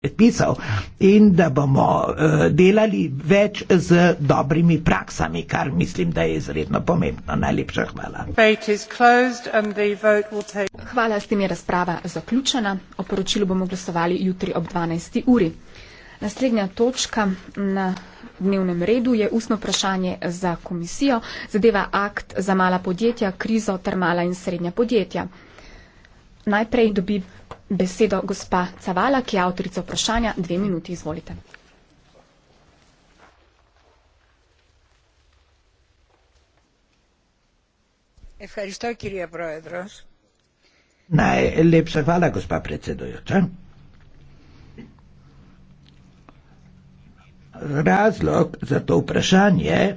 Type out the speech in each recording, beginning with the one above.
predpisov in da bomo eh, delali več z dobrimi praksami, kar mislim, da je izredno pomembno. Najlepša hvala. Hvala, s tem je razprava zaključena. O poročilu bomo glasovali jutri ob 12. uri. Naslednja točka na dnevnem redu je ustno vprašanje za komisijo, zadeva akt za mala podjetja, krizo ter mala in srednja podjetja. Najprej dobi besedo gospa Cavala, ki je avtorica vprašanja. Dve minuti, izvolite. Najlepša hvala, gospa predsedujoča. Razlog za to vprašanje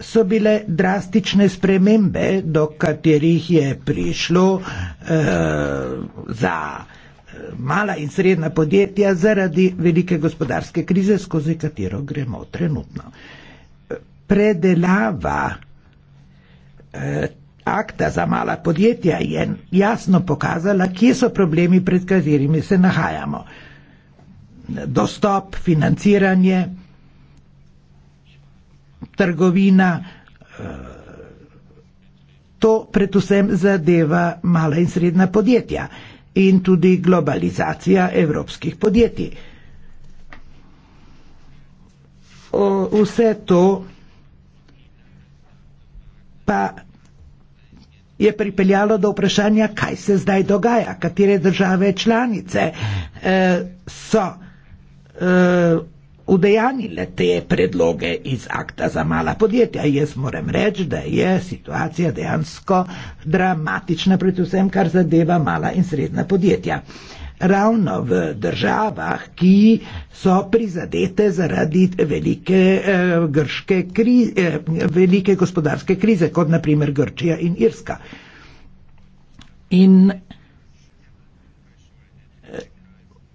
so bile drastične spremembe, do katerih je prišlo eh, za eh, mala in srednja podjetja zaradi velike gospodarske krize, skozi katero gremo trenutno. Predelava eh, akta za mala podjetja je jasno pokazala, kje so problemi, pred katerimi se nahajamo. Dostop, financiranje, trgovina, eh, to predvsem zadeva mala in srednja podjetja in tudi globalizacija evropskih podjetij. O, vse to pa je pripeljalo do vprašanja, kaj se zdaj dogaja, katere države članice eh, so eh, udejanile te predloge iz akta za mala podjetja. Jaz moram reči, da je situacija dejansko dramatična, predvsem kar zadeva mala in srednja podjetja. Ravno v državah, ki so prizadete zaradi velike, eh, grške, kri, eh, velike gospodarske krize, kot naprimer Grčija in Irska. In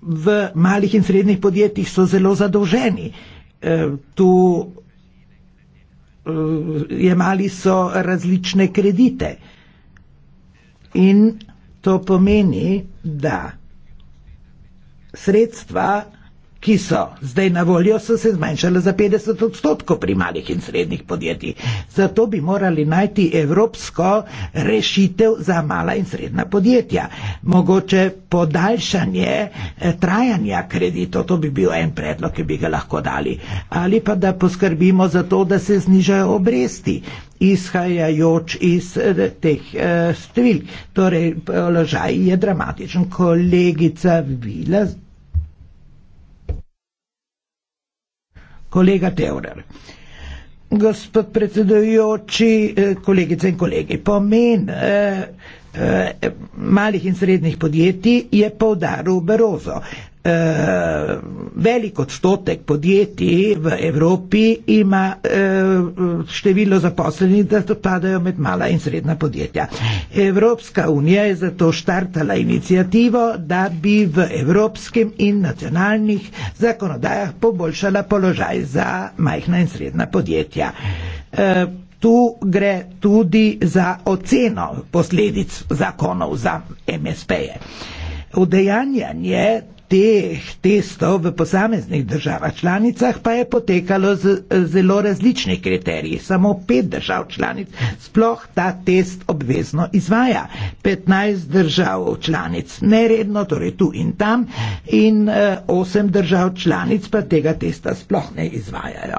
v malih in srednjih podjetjih so zelo zadolženi. E, tu e, jemali so različne kredite. In to pomeni, da sredstva ki so zdaj na voljo, so se zmanjšale za 50 odstotkov pri malih in srednjih podjetij. Zato bi morali najti evropsko rešitev za mala in srednja podjetja. Mogoče podaljšanje eh, trajanja kreditov, to bi bil en predlog, ki bi ga lahko dali. Ali pa da poskrbimo za to, da se znižajo obresti izhajajoč iz eh, teh eh, številk. Torej, položaj je dramatičen. Kolegica Vila, kolega Teorar. Gospod predsedujoči, eh, kolegice in kolegi, pomen eh, eh, malih in srednjih podjetij je povdaril Berozo. Eh, velik odstotek podjetij v Evropi ima e, število zaposlenih, da to padajo med mala in srednja podjetja. Evropska unija je zato štartala inicijativo, da bi v evropskem in nacionalnih zakonodajah poboljšala položaj za majhna in srednja podjetja. E, Tu gre tudi za oceno posledic zakonov za MSP-je. Udejanjanje te, testov v posameznih državah članicah pa je potekalo z zelo različnih kriterijih. Samo pet držav članic sploh ta test obvezno izvaja. 15 držav članic neredno, torej tu in tam, in 8 eh, držav članic pa tega testa sploh ne izvajajo.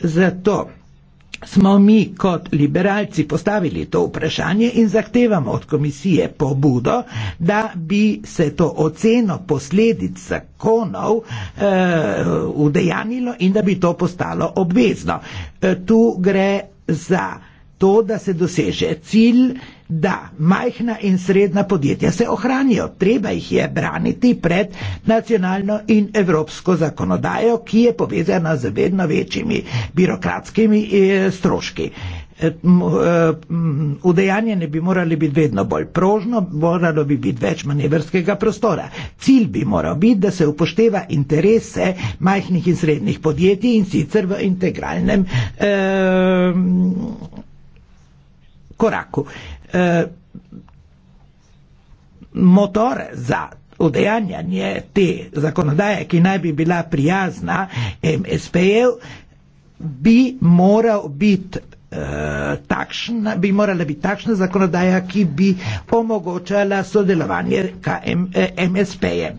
Zato smo mi kot liberalci postavili to vprašanje in zahtevamo od komisije pobudo, da bi se to oceno posledic zakonov eh, udejanilo in da bi to postalo obvezno. Eh, tu gre za to, da se doseže cilj, da majhna in srednja podjetja se ohranijo. Treba jih je braniti pred nacionalno in evropsko zakonodajo, ki je povezana z vedno večjimi birokratskimi eh, stroški. Eh, eh, udejanjene bi morali biti vedno bolj prožno, moralo bi biti več manevrskega prostora. Cilj bi moral biti, da se upošteva interese majhnih in srednjih podjetij in sicer v integralnem eh, koraku. Eh, Eh, motor za udejanjanje te zakonodaje, ki naj bi bila prijazna MSP-jev, bi moral biti eh, takšna, bi morala biti takšna zakonodaja, ki bi omogočala sodelovanje MSP-je. Eh,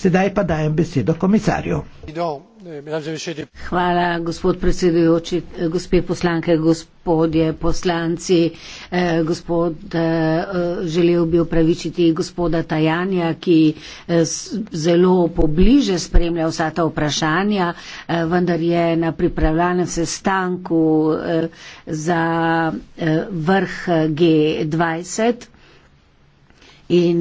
Sedaj pa dajem besedo komisarju. Don't. Hvala, gospod predsedujoči, gospe poslanke, gospodje poslanci. Eh, gospod, eh, želel bi upravičiti gospoda Tajanja, ki eh, zelo pobliže spremlja vsa ta vprašanja, vendar je na pripravljanem sestanku za vrh G20. In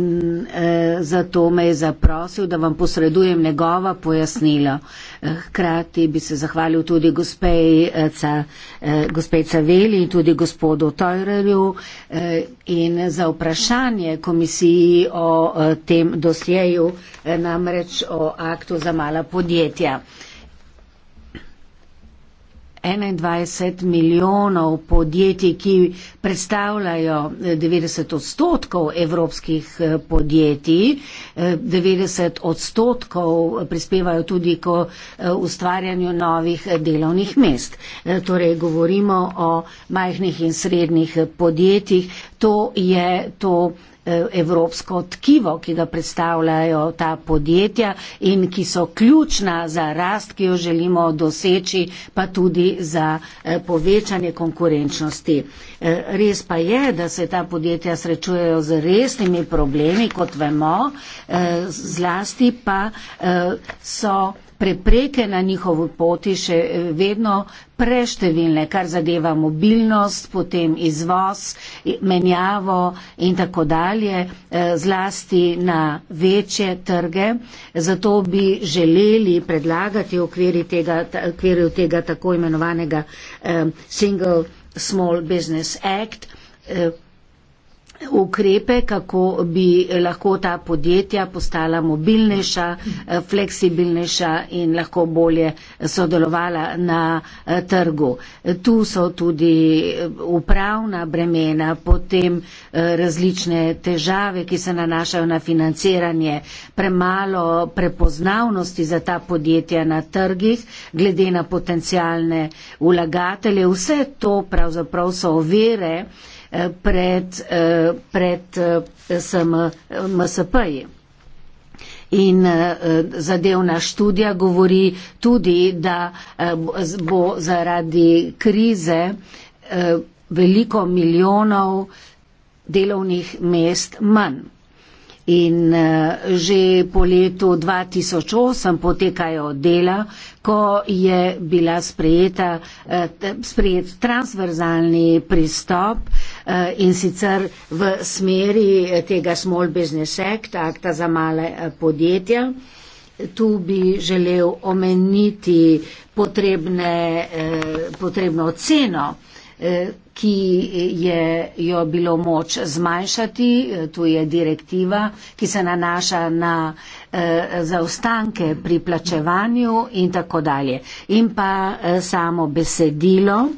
eh, zato me je zaprosil, da vam posredujem njegova pojasnila. Eh, Eh, hkrati bi se zahvalil tudi gospej Caveli eh, in tudi gospodu Teurerju eh, in za vprašanje komisiji o tem dosjeju, namreč o aktu za mala podjetja. 21 milijonov podjetij, ki predstavljajo 90 eh, odstotkov evropskih eh, podjetij, 90 eh, odstotkov prispevajo tudi k ustvarjanju novih delovnih mest. Torej, govorimo o majhnih in srednjih podjetjih. To je to evropsko tkivo, ki ga predstavljajo ta podjetja in ki so ključna za rast, ki jo želimo doseči, pa tudi za eh, povečanje konkurenčnosti. Eh, res pa je, da se ta podjetja srečujejo z resnimi problemi, kot vemo, eh, zlasti pa so prepreke na njihovi poti še eh, vedno preštevilne, kar zadeva mobilnost, potem izvoz, menjavo in tako dalje, eh, zlasti na večje trge. Zato bi želeli predlagati v okviru tega, okviru tega tako imenovanega eh, Single Small Business Act ukrepe, kako bi lahko ta podjetja postala mobilnejša, eh, fleksibilnejša in lahko bolje sodelovala na eh, trgu. Tu so tudi eh, upravna bremena, potem različne težave, ki se nanašajo na financiranje, premalo prepoznavnosti za ta podjetja na trgih, glede na potencijalne vlagatelje. Vse to pravzaprav so overe, Eh, pred, eh, pred eh, MSP-ji. In zadevna študija govori tudi, da bo zaradi krize veliko milijonov delovnih mest manj. In eh, že po letu 2008 potekajo dela, ko je bila sprejeta, eh, sprejet transverzalni pristop eh, in sicer v smeri tega Small Business Act, akta za male podjetja. Tu bi želel omeniti potrebne, potrebno ceno. Eh, ki je jo bilo moč zmanjšati, eh, tu je direktiva, ki se nanaša na eh, zaostanke pri plačevanju in tako dalje. In pa samo besedilo,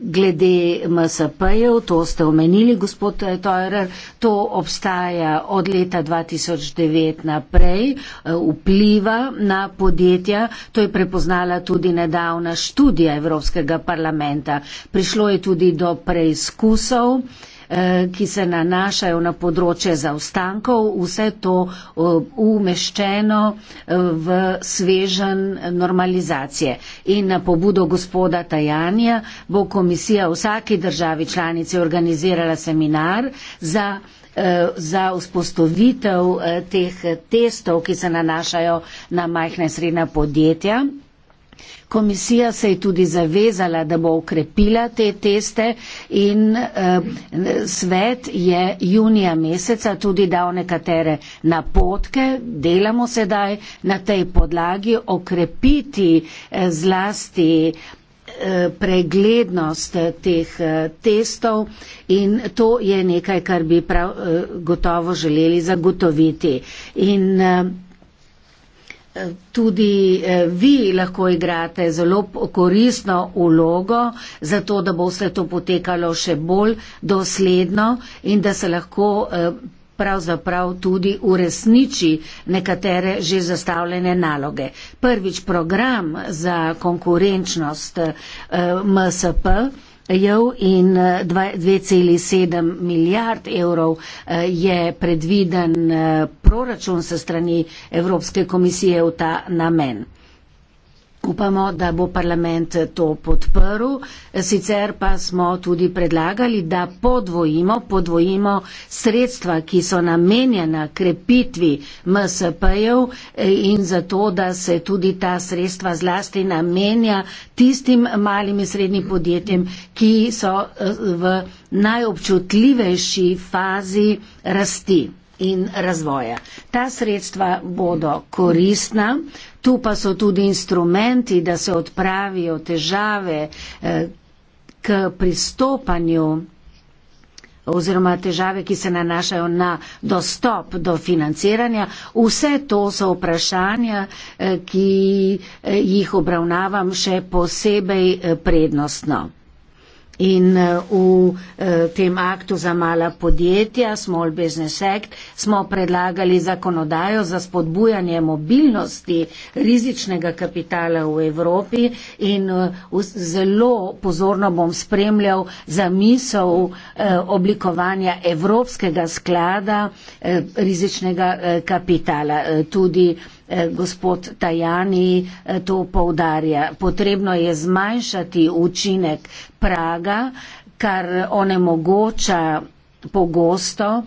Glede MSP-jev, to ste omenili, gospod eh, Teurer, to obstaja od leta 2009 naprej, eh, vpliva na podjetja, to je prepoznala tudi nedavna študija Evropskega parlamenta. Prišlo je tudi do preizkusov. Eh, ki se nanašajo na področje zaostankov, vse to eh, umeščeno eh, v svežen normalizacije. In na pobudo gospoda Tajanja bo komisija vsaki državi članici organizirala seminar za za vzpostavitev teh testov, ki se nanašajo na majhna in srednja podjetja. Komisija se je tudi zavezala, da bo ukrepila te teste in eh, svet je junija meseca tudi dal nekatere napotke, delamo sedaj na tej podlagi, okrepiti eh, zlasti eh, preglednost eh, teh eh, testov in to je nekaj, kar bi prav gotovo želeli zagotoviti. In Tudi eh, vi lahko igrate zelo koristno ulogo, zato da bo vse to potekalo še bolj dosledno in da se lahko eh, pravzaprav tudi uresniči nekatere že zastavljene naloge. Prvič program za konkurenčnost eh, MSP evrov in 2,7 eh, milijard evrov eh, je predviden eh, proračun se strani Evropske komisije v ta namen. Upamo, da bo parlament to podprl. Sicer pa smo tudi predlagali, da podvojimo, podvojimo sredstva, ki so namenjena krepitvi MSP-jev eh, in zato, da se tudi ta sredstva zlasti namenja tistim malim in srednjim podjetjem, ki so eh, v najobčutljivejši fazi rasti in razvoja. Ta sredstva bodo koristna, tu pa so tudi instrumenti, da se odpravijo težave eh, k pristopanju oziroma težave, ki se nanašajo na dostop do financiranja. Vse to so vprašanja, eh, ki eh, jih obravnavam še posebej prednostno. In eh, v eh, tem aktu za mala podjetja, Small Business Act, smo predlagali zakonodajo za spodbujanje mobilnosti rizičnega kapitala v Evropi in eh, zelo pozorno bom spremljal zamisel oblikovanja Evropskega sklada rizičnega kapitala. Tudi Eh, gospod Tajani eh, to poudarja. Potrebno je zmanjšati učinek praga, kar onemogoča pogosto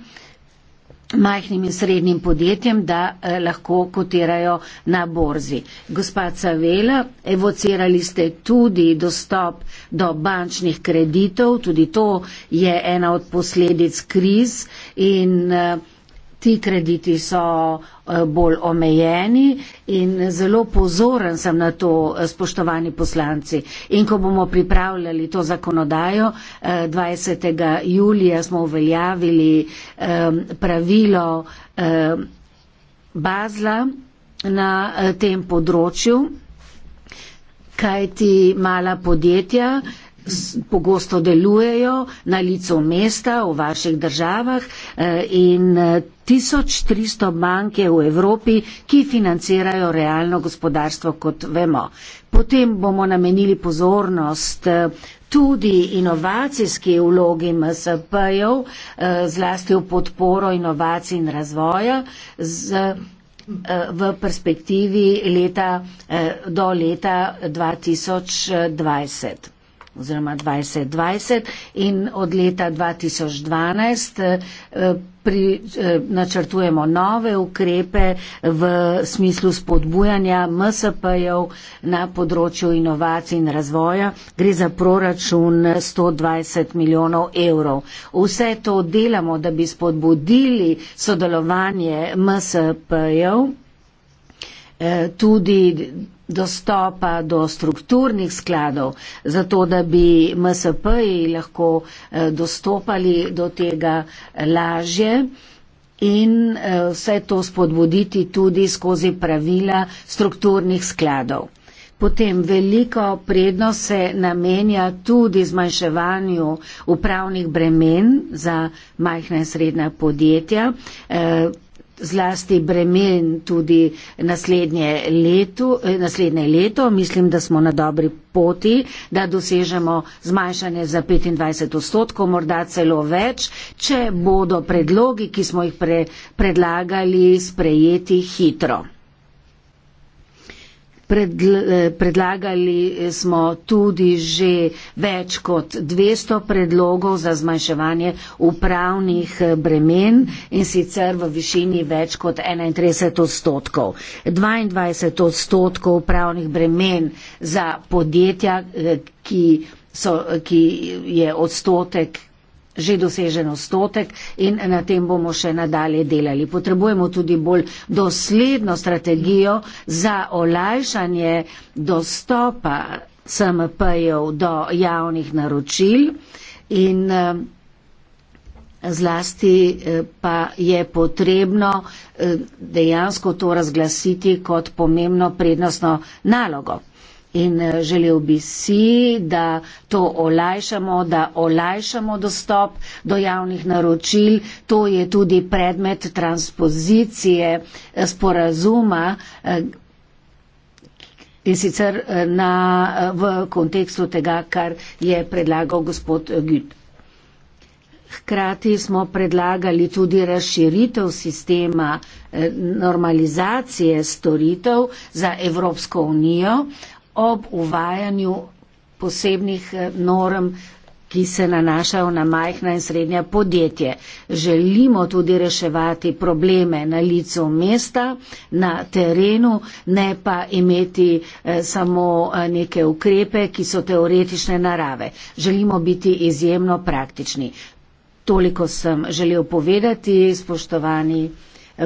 majhnim in srednjim podjetjem, da eh, lahko kotirajo na borzi. Gospa Cavela, evocirali ste tudi dostop do bančnih kreditov, tudi to je ena od posledic kriz in eh, ti krediti so eh, Eh, bolj omejeni in zelo pozoren sem na to, eh, spoštovani poslanci. In ko bomo pripravljali to zakonodajo, 20. Eh, julija smo uveljavili pravilo Bazla na tem področju, kajti mala podjetja, pogosto delujejo na licu mesta v vaših državah eh, in 1300 eh, banke v Evropi, ki financirajo realno gospodarstvo, kot vemo. Potem bomo namenili pozornost eh, tudi inovacijski vlogi MSP-jev, zlasti v podporo inovacij in razvoja z, v perspektivi leta, do leta 2020 oziroma 2020 in od leta 2012 eh, pri, eh, načrtujemo nove ukrepe v smislu spodbujanja MSP-jev na področju inovacij in razvoja. Gre za proračun 120 milijonov evrov. Vse to delamo, da bi spodbudili sodelovanje MSP-jev eh, tudi dostopa do strukturnih skladov, zato da bi MSP-ji lahko eh, dostopali do tega lažje in eh, vse to spodbuditi tudi skozi pravila strukturnih skladov. Potem veliko prednost se namenja tudi zmanjševanju upravnih bremen za majhna in srednja podjetja. Eh, zlasti bremen tudi naslednje leto, eh, naslednje leto. Mislim, da smo na dobri poti, da dosežemo zmanjšanje za 25 odstotkov, morda celo več, če bodo predlogi, ki smo jih pre, predlagali, sprejeti hitro. Eh, predlagali smo tudi že več kot 200 predlogov za zmanjševanje upravnih eh, bremen in sicer v višini več kot 31 odstotkov. 22 odstotkov upravnih bremen za podjetja, eh, ki, so, ki je odstotek že dosežen ostotek in na tem bomo še nadalje delali. Potrebujemo tudi bolj dosledno strategijo za olajšanje dostopa SMP-jev do javnih naročil in eh, zlasti eh, pa je potrebno eh, dejansko to razglasiti kot pomembno prednostno nalogo in eh, želel bi si, da to olajšamo, da olajšamo dostop do javnih naročil. To je tudi predmet transpozicije eh, sporazuma eh, in sicer na, v kontekstu tega, kar je predlagal gospod Güt. Hkrati smo predlagali tudi razširitev sistema normalizacije storitev za Evropsko unijo, ob uvajanju posebnih eh, norm, ki se nanašajo na majhna in srednja podjetje. Želimo tudi reševati probleme na licu mesta, na terenu, ne pa imeti eh, samo eh, neke ukrepe, ki so teoretične narave. Želimo biti izjemno praktični. Toliko sem želel povedati, spoštovani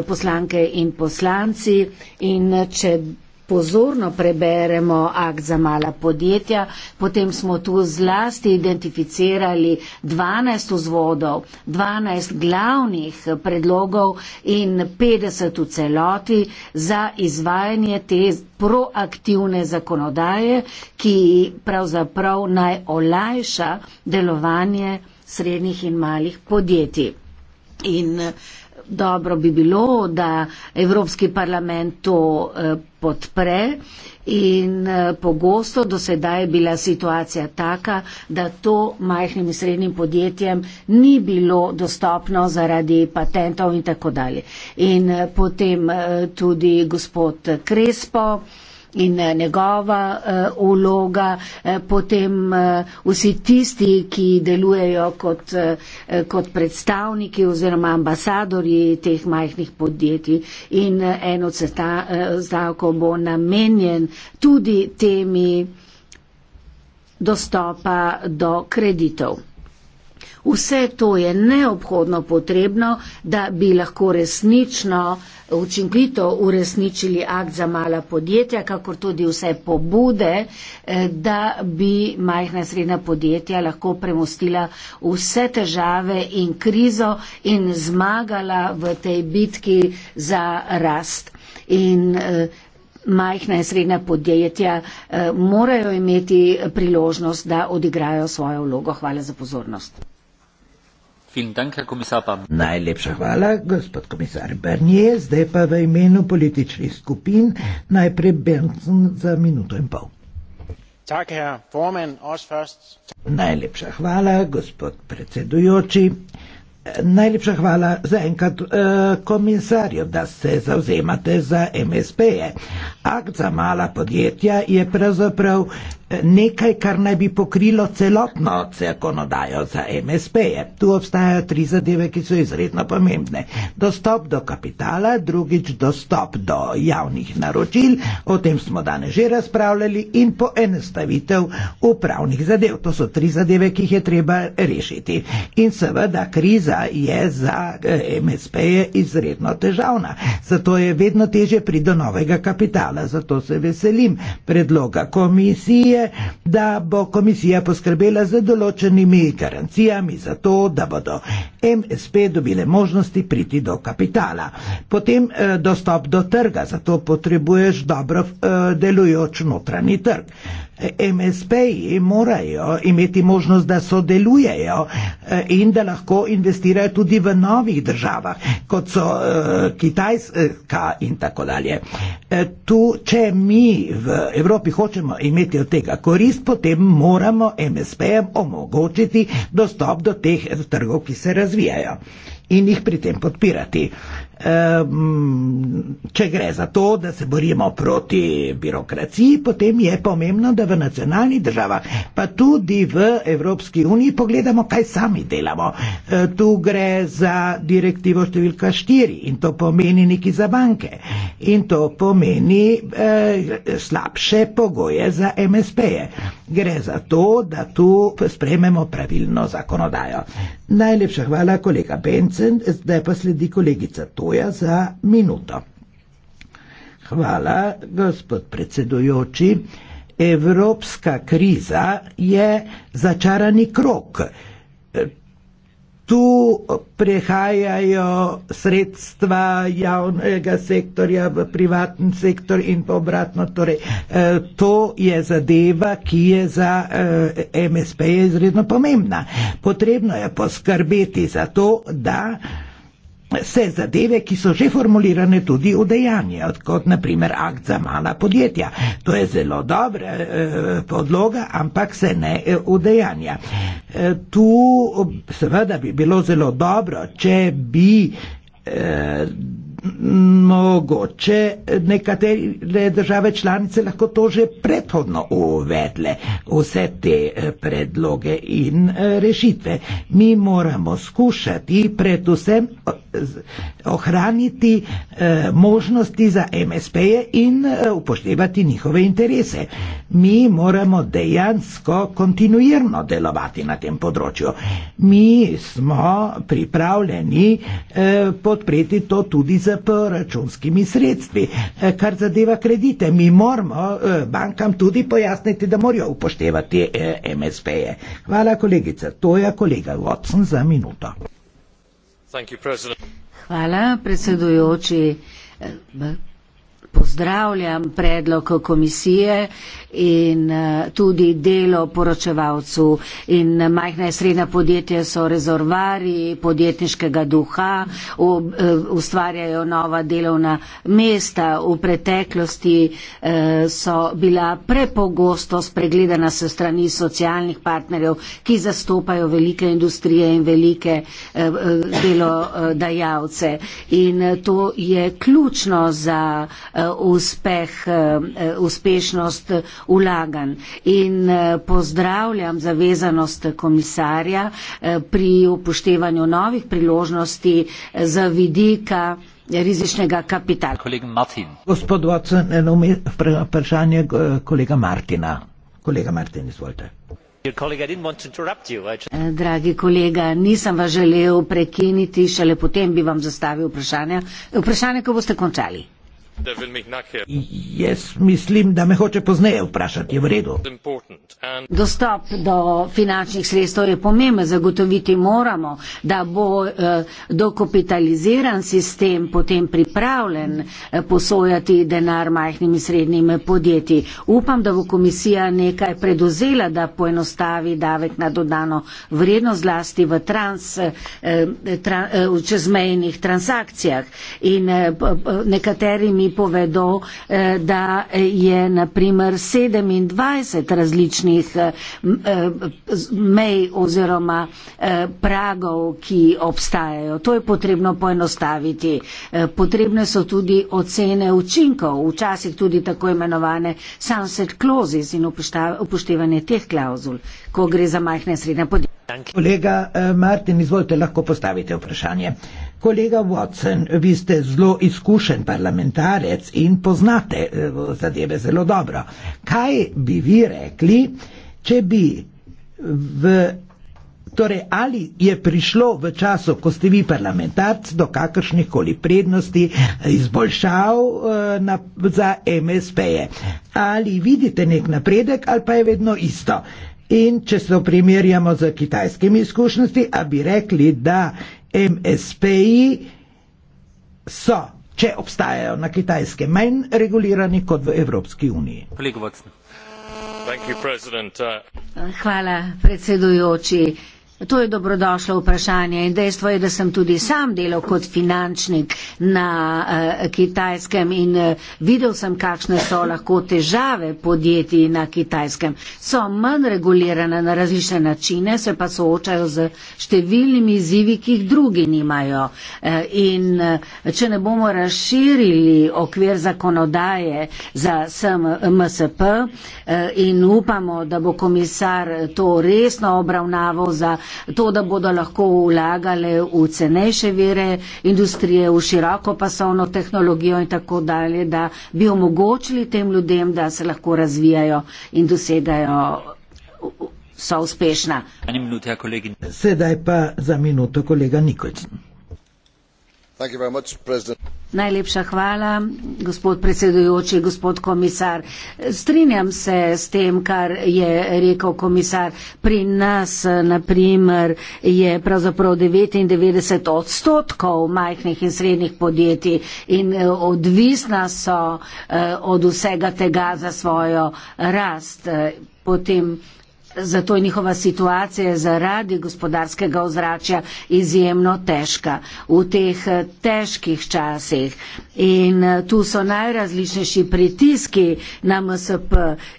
poslanke in poslanci. In če pozorno preberemo akt za mala podjetja, potem smo tu zlasti identificirali 12 vzvodov, 12 glavnih predlogov in 50 v celoti za izvajanje te proaktivne zakonodaje, ki pravzaprav naj olajša delovanje srednjih in malih podjetij. In uh, dobro bi bilo, da Evropski parlament to eh, podpre in eh, pogosto do sedaj je bila situacija taka, da to majhnim in srednjim podjetjem ni bilo dostopno zaradi patentov in tako dalje. In eh, potem tudi gospod Krespo, in eh, njegova eh, vloga, eh, potem vsi tisti, ki delujejo kot, kot predstavniki oziroma ambasadori teh majhnih podjetij in eno stavko bo namenjen tudi temi dostopa do kreditov. Vse to je neobhodno potrebno, da bi lahko resnično, učinkovito uresničili akt za mala podjetja, kakor tudi vse pobude, eh, da bi majhna srednja podjetja lahko premostila vse težave in krizo in zmagala v tej bitki za rast. In eh, majhna in srednja podjetja eh, morajo imeti priložnost, da odigrajo svojo vlogo. Hvala za pozornost. Dank, Najlepša hvala, gospod komisar Bernier. Zdaj pa v imenu političnih skupin najprej Bernsen za minuto in pol. Tak, herr, Foreman, Najlepša hvala, gospod predsedujoči. Najlepša hvala za enkrat eh, komisarju, da se zauzemate za MSP-je. Akt za mala podjetja je pravzaprav nekaj, kar naj bi pokrilo celotno zakonodajo za MSP. -je. Tu obstajajo tri zadeve, ki so izredno pomembne. Dostop do kapitala, drugič dostop do javnih naročil, o tem smo danes že razpravljali, in poenostavitev upravnih zadev. To so tri zadeve, ki jih je treba rešiti. In seveda kriza je za eh, MSP -je izredno težavna. Zato je vedno teže priti do novega kapitala. Zato se veselim predloga komisije je, da bo komisija poskrbela z določenimi garancijami za to, da bodo MSP dobile možnosti priti do kapitala. Potem e, dostop do trga, zato potrebuješ dobro e, delujoč notranji trg. Eh, MSP-ji morajo imeti možnost, da sodelujejo in da lahko investirajo tudi v novih državah, kot so Kitajska in tako dalje. Tu, če mi v Evropi hočemo imeti od tega, tega korist, potem moramo MSP-jem omogočiti dostop do teh trgov, ki se razvijajo in jih pri tem podpirati če gre za to, da se borimo proti birokraciji, potem je pomembno, da v nacionalnih državah, pa tudi v Evropski uniji, pogledamo, kaj sami delamo. E, tu gre za direktivo številka 4 in to pomeni neki za banke in to pomeni eh, slabše pogoje za MSP-je. Gre za to, da tu sprejmemo pravilno zakonodajo. Najlepša hvala, kolega Bencen. Zdaj pa sledi kolegica Toja za minuto. Hvala, gospod predsedujoči. Evropska kriza je začarani krok tu prehajajo sredstva javnega sektorja v privatni sektor in pa obratno. Torej, eh, to je zadeva, ki je za eh, MSP izredno pomembna. Potrebno je poskrbeti za to, da se zadeve, ki so že formulirane, tudi udejanje, kot naprimer akt za mala podjetja. To je zelo dobra eh, podloga, ampak se ne eh, udejanja. Eh, tu seveda bi bilo zelo dobro, če bi mogoče nekatere države članice lahko to že predhodno uvedle, vse te eh, predloge in eh, rešitve. Mi moramo skušati predvsem ohraniti eh, možnosti za MSP-je in upoštevati njihove interese. Mi moramo dejansko kontinuirno delovati na tem področju. Mi smo pripravljeni podpreti to tudi z z proračunskimi sredstvi. E, kar zadeva kredite, mi moramo e, bankam tudi pojasniti, da morajo upoštevati e, MSP-je. Hvala, kolegica. To je kolega Watson za minuto. Hvala, predsedujoči pozdravljam predlog komisije in eh, tudi delo poročevalcu. In majhna in srednja podjetja so rezervari podjetniškega duha, eh, ustvarjajo nova delovna mesta. V preteklosti eh, so bila prepogosto spregledana se strani socialnih partnerjev, ki zastopajo velike industrije in velike delodajalce. In to je ključno za uspeh, eh, uspešnost ulagan. In eh, pozdravljam zavezanost komisarja eh, pri upoštevanju novih priložnosti za vidika rizičnega kapitala. Gospod Watson, eno vprašanje kolega Martina. Kolega Martin, izvolite. Dragi kolega, nisem vas želel prekiniti, šele potem bi vam zastavil vprašanje, vprašanje ko boste končali da will mich nachher. Jaz mislim, da me hoče pozneje vprašati, je v redu. Dostop do finančnih sredstev je pomemben, zagotoviti moramo, da bo eh, dokapitaliziran sistem potem pripravljen eh, posojati denar majhnim in srednjim podjetjem. Upam, da bo komisija nekaj preduzela, da poenostavi davek na dodano vrednost zlasti v trans, eh, eh tra, eh, čezmejnih transakcijah. In, eh, nekaterimi povedo, eh, da je na primer 27 različnih eh, eh, mej oziroma pragov, ki obstajajo. To je potrebno poenostaviti. Potrebne so tudi ocene učinkov, včasih tudi tako imenovane sunset clauses in upoštevanje teh klauzul, ko gre za majhne srednje podjetje. Kolega Martin, izvolite, lahko postavite vprašanje. Kolega Watson, vi ste zelo izkušen parlamentarec in poznate eh, zadeve zelo dobro. Kaj bi vi rekli, če bi v. Torej, ali je prišlo v času, ko ste vi parlamentarci, do kakršnih koli prednosti, izboljšav eh, na, za MSP-je? Ali vidite nek napredek ali pa je vedno isto? In če se oprimerjamo z kitajskimi izkušnjami, a bi rekli, da MSP-ji so, če obstajajo na kitajskem, manj regulirani kot v Evropski uniji. Uh, Hvala, predsedujoči. To je dobrodošlo vprašanje in dejstvo je, da sem tudi sam delal kot finančnik na uh, kitajskem in uh, videl sem, kakšne so lahko težave podjetij na kitajskem. So manj regulirane na različne načine, se pa soočajo z številnimi izzivi, ki jih drugi nimajo. Uh, in uh, če ne bomo razširili okvir zakonodaje za MSP uh, in upamo, da bo komisar to resno obravnaval za to, da bodo lahko vlagale v cenejše vire industrije, v široko pasovno tehnologijo in tako dalje, da bi omogočili tem ljudem, da se lahko razvijajo in dosegajo. So uspešna. Minuta, ja, Sedaj pa za minuto kolega Nikolč. Najlepša hvala, gospod predsedujoči, gospod komisar. Strinjam se s tem, kar je rekel komisar. Pri nas, naprimer, je pravzaprav 99 odstotkov majhnih in srednjih podjetij in eh, odvisna so eh, od vsega tega za svojo rast. Potem zato je njihova situacija zaradi gospodarskega ozračja izjemno težka v teh eh, težkih časih. In eh, tu so najrazličnejši pritiski na MSP,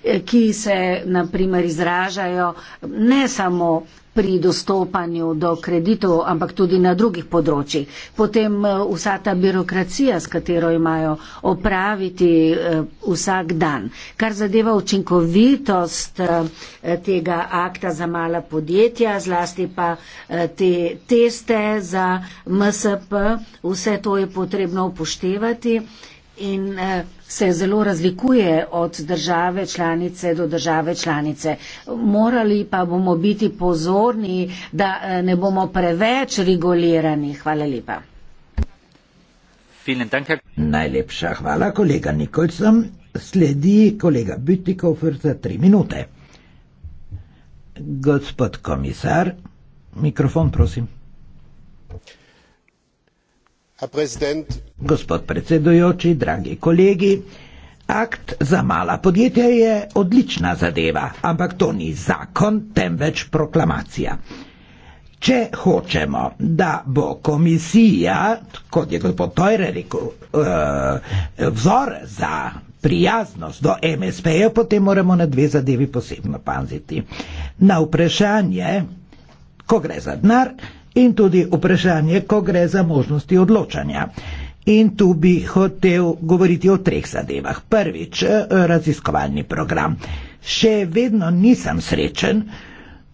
eh, ki se naprimer izražajo ne samo pri dostopanju do kreditov, ampak tudi na drugih področjih. Potem eh, vsa ta birokracija, s katero imajo opraviti eh, vsak dan. Kar zadeva učinkovitost eh, tega akta za mala podjetja, zlasti pa te teste za MSP, vse to je potrebno upoštevati in eh, se zelo razlikuje od države članice do države članice. Morali pa bomo biti pozorni, da eh, ne bomo preveč regulirani. Hvala lepa. Najlepša hvala, kolega Nikolson. Sledi kolega Bütikov za tri minute. Gospod komisar, mikrofon, prosim. Gospod predsedujoči, dragi kolegi, akt za mala podjetja je odlična zadeva, ampak to ni zakon, temveč proklamacija. Če hočemo, da bo komisija, kot je gospod Tojre rekel, eh, vzor za prijaznost do MSP-ja, potem moramo na dve zadevi posebno paziti. Na vprašanje, ko gre za denar, in tudi vprašanje, ko gre za možnosti odločanja. In tu bi hotel govoriti o treh zadevah. Prvič, eh, raziskovalni program. Še vedno nisem srečen,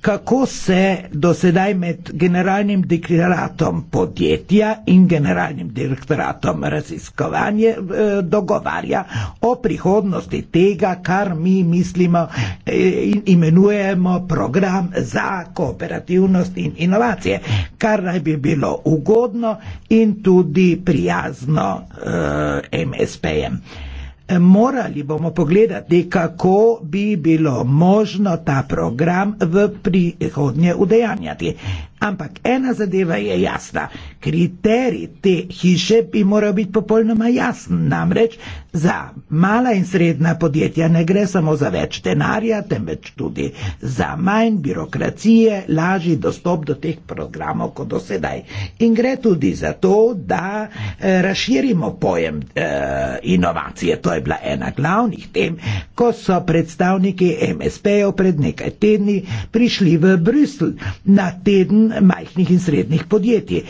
kako se do sedaj med generalnim direktoratom podjetja in generalnim direktoratom raziskovanje eh, dogovarja o prihodnosti tega, kar mi mislimo eh, in imenujemo program za kooperativnost in inovacije, kar naj bi bilo ugodno in tudi prijazno eh, MSP-jem. -em. Morali bomo pogledati, kako bi bilo možno ta program v prihodnje udejanjati. Ampak ena zadeva je jasna. Kriterij te hiše bi moral biti popolnoma jasen. Namreč za mala in srednja podjetja ne gre samo za več denarja, temveč tudi za manj birokracije, lažji dostop do teh programov kot do sedaj. In gre tudi za to, da eh, razširimo pojem eh, inovacije. To je bila ena glavnih tem, ko so predstavniki MSP-jev pred nekaj tedni prišli v Bruselj na teden, majhnih in srednjih podjetij.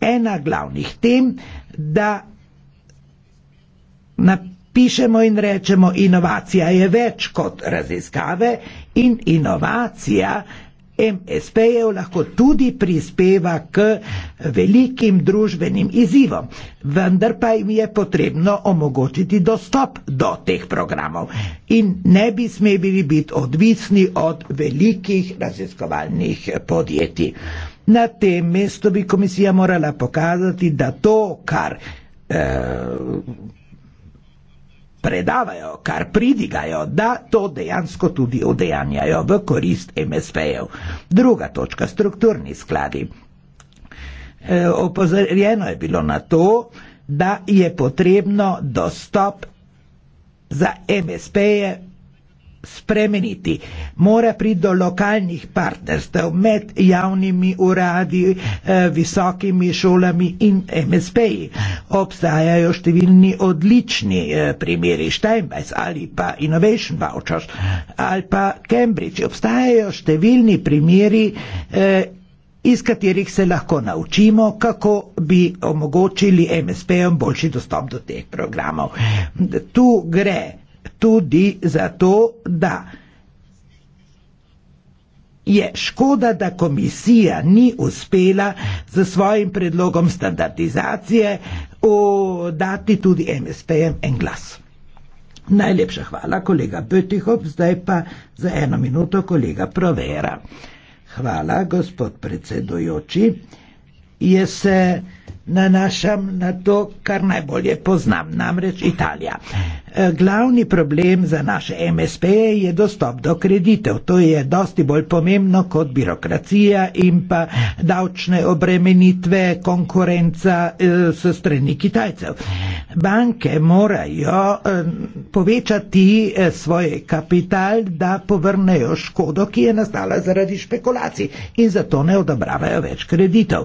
Ena glavnih tem, da napišemo in rečemo, inovacija je več kot raziskave in inovacija MSP-jev lahko tudi prispeva k velikim družbenim izzivom, vendar pa jim je potrebno omogočiti dostop do teh programov in ne bi smeli biti odvisni od velikih raziskovalnih podjetij. Na tem mestu bi komisija morala pokazati, da to, kar eh, predavajo, kar pridigajo, da to dejansko tudi udejanjajo v korist MSP-jev. Druga točka, strukturni skladi. E, opozorjeno je bilo na to, da je potrebno dostop za MSP-je spremeniti. Mora priti do lokalnih partnerstev med javnimi uradi, eh, visokimi šolami in MSP-ji. Obstajajo številni odlični eh, primeri, Steinbeis ali pa Innovation Vouchers ali pa Cambridge. Obstajajo številni primeri, eh, iz katerih se lahko naučimo, kako bi omogočili MSP-om boljši dostop do teh programov. Tu gre tudi zato, da je škoda, da komisija ni uspela z svojim predlogom standardizacije dati tudi MSP-jem en glas. Najlepša hvala, kolega Bötihop, zdaj pa za eno minuto kolega Provera. Hvala, gospod predsedujoči. Jaz se nanašam na to, kar najbolje poznam, namreč Italija. E, glavni problem za naše MSP je dostop do kreditev. To je dosti bolj pomembno kot birokracija in pa davčne obremenitve konkurenca e, s strani Kitajcev. Banke morajo e, povečati svoj kapital, da povrnejo škodo, ki je nastala zaradi špekulacij in zato ne odobravajo več kreditev.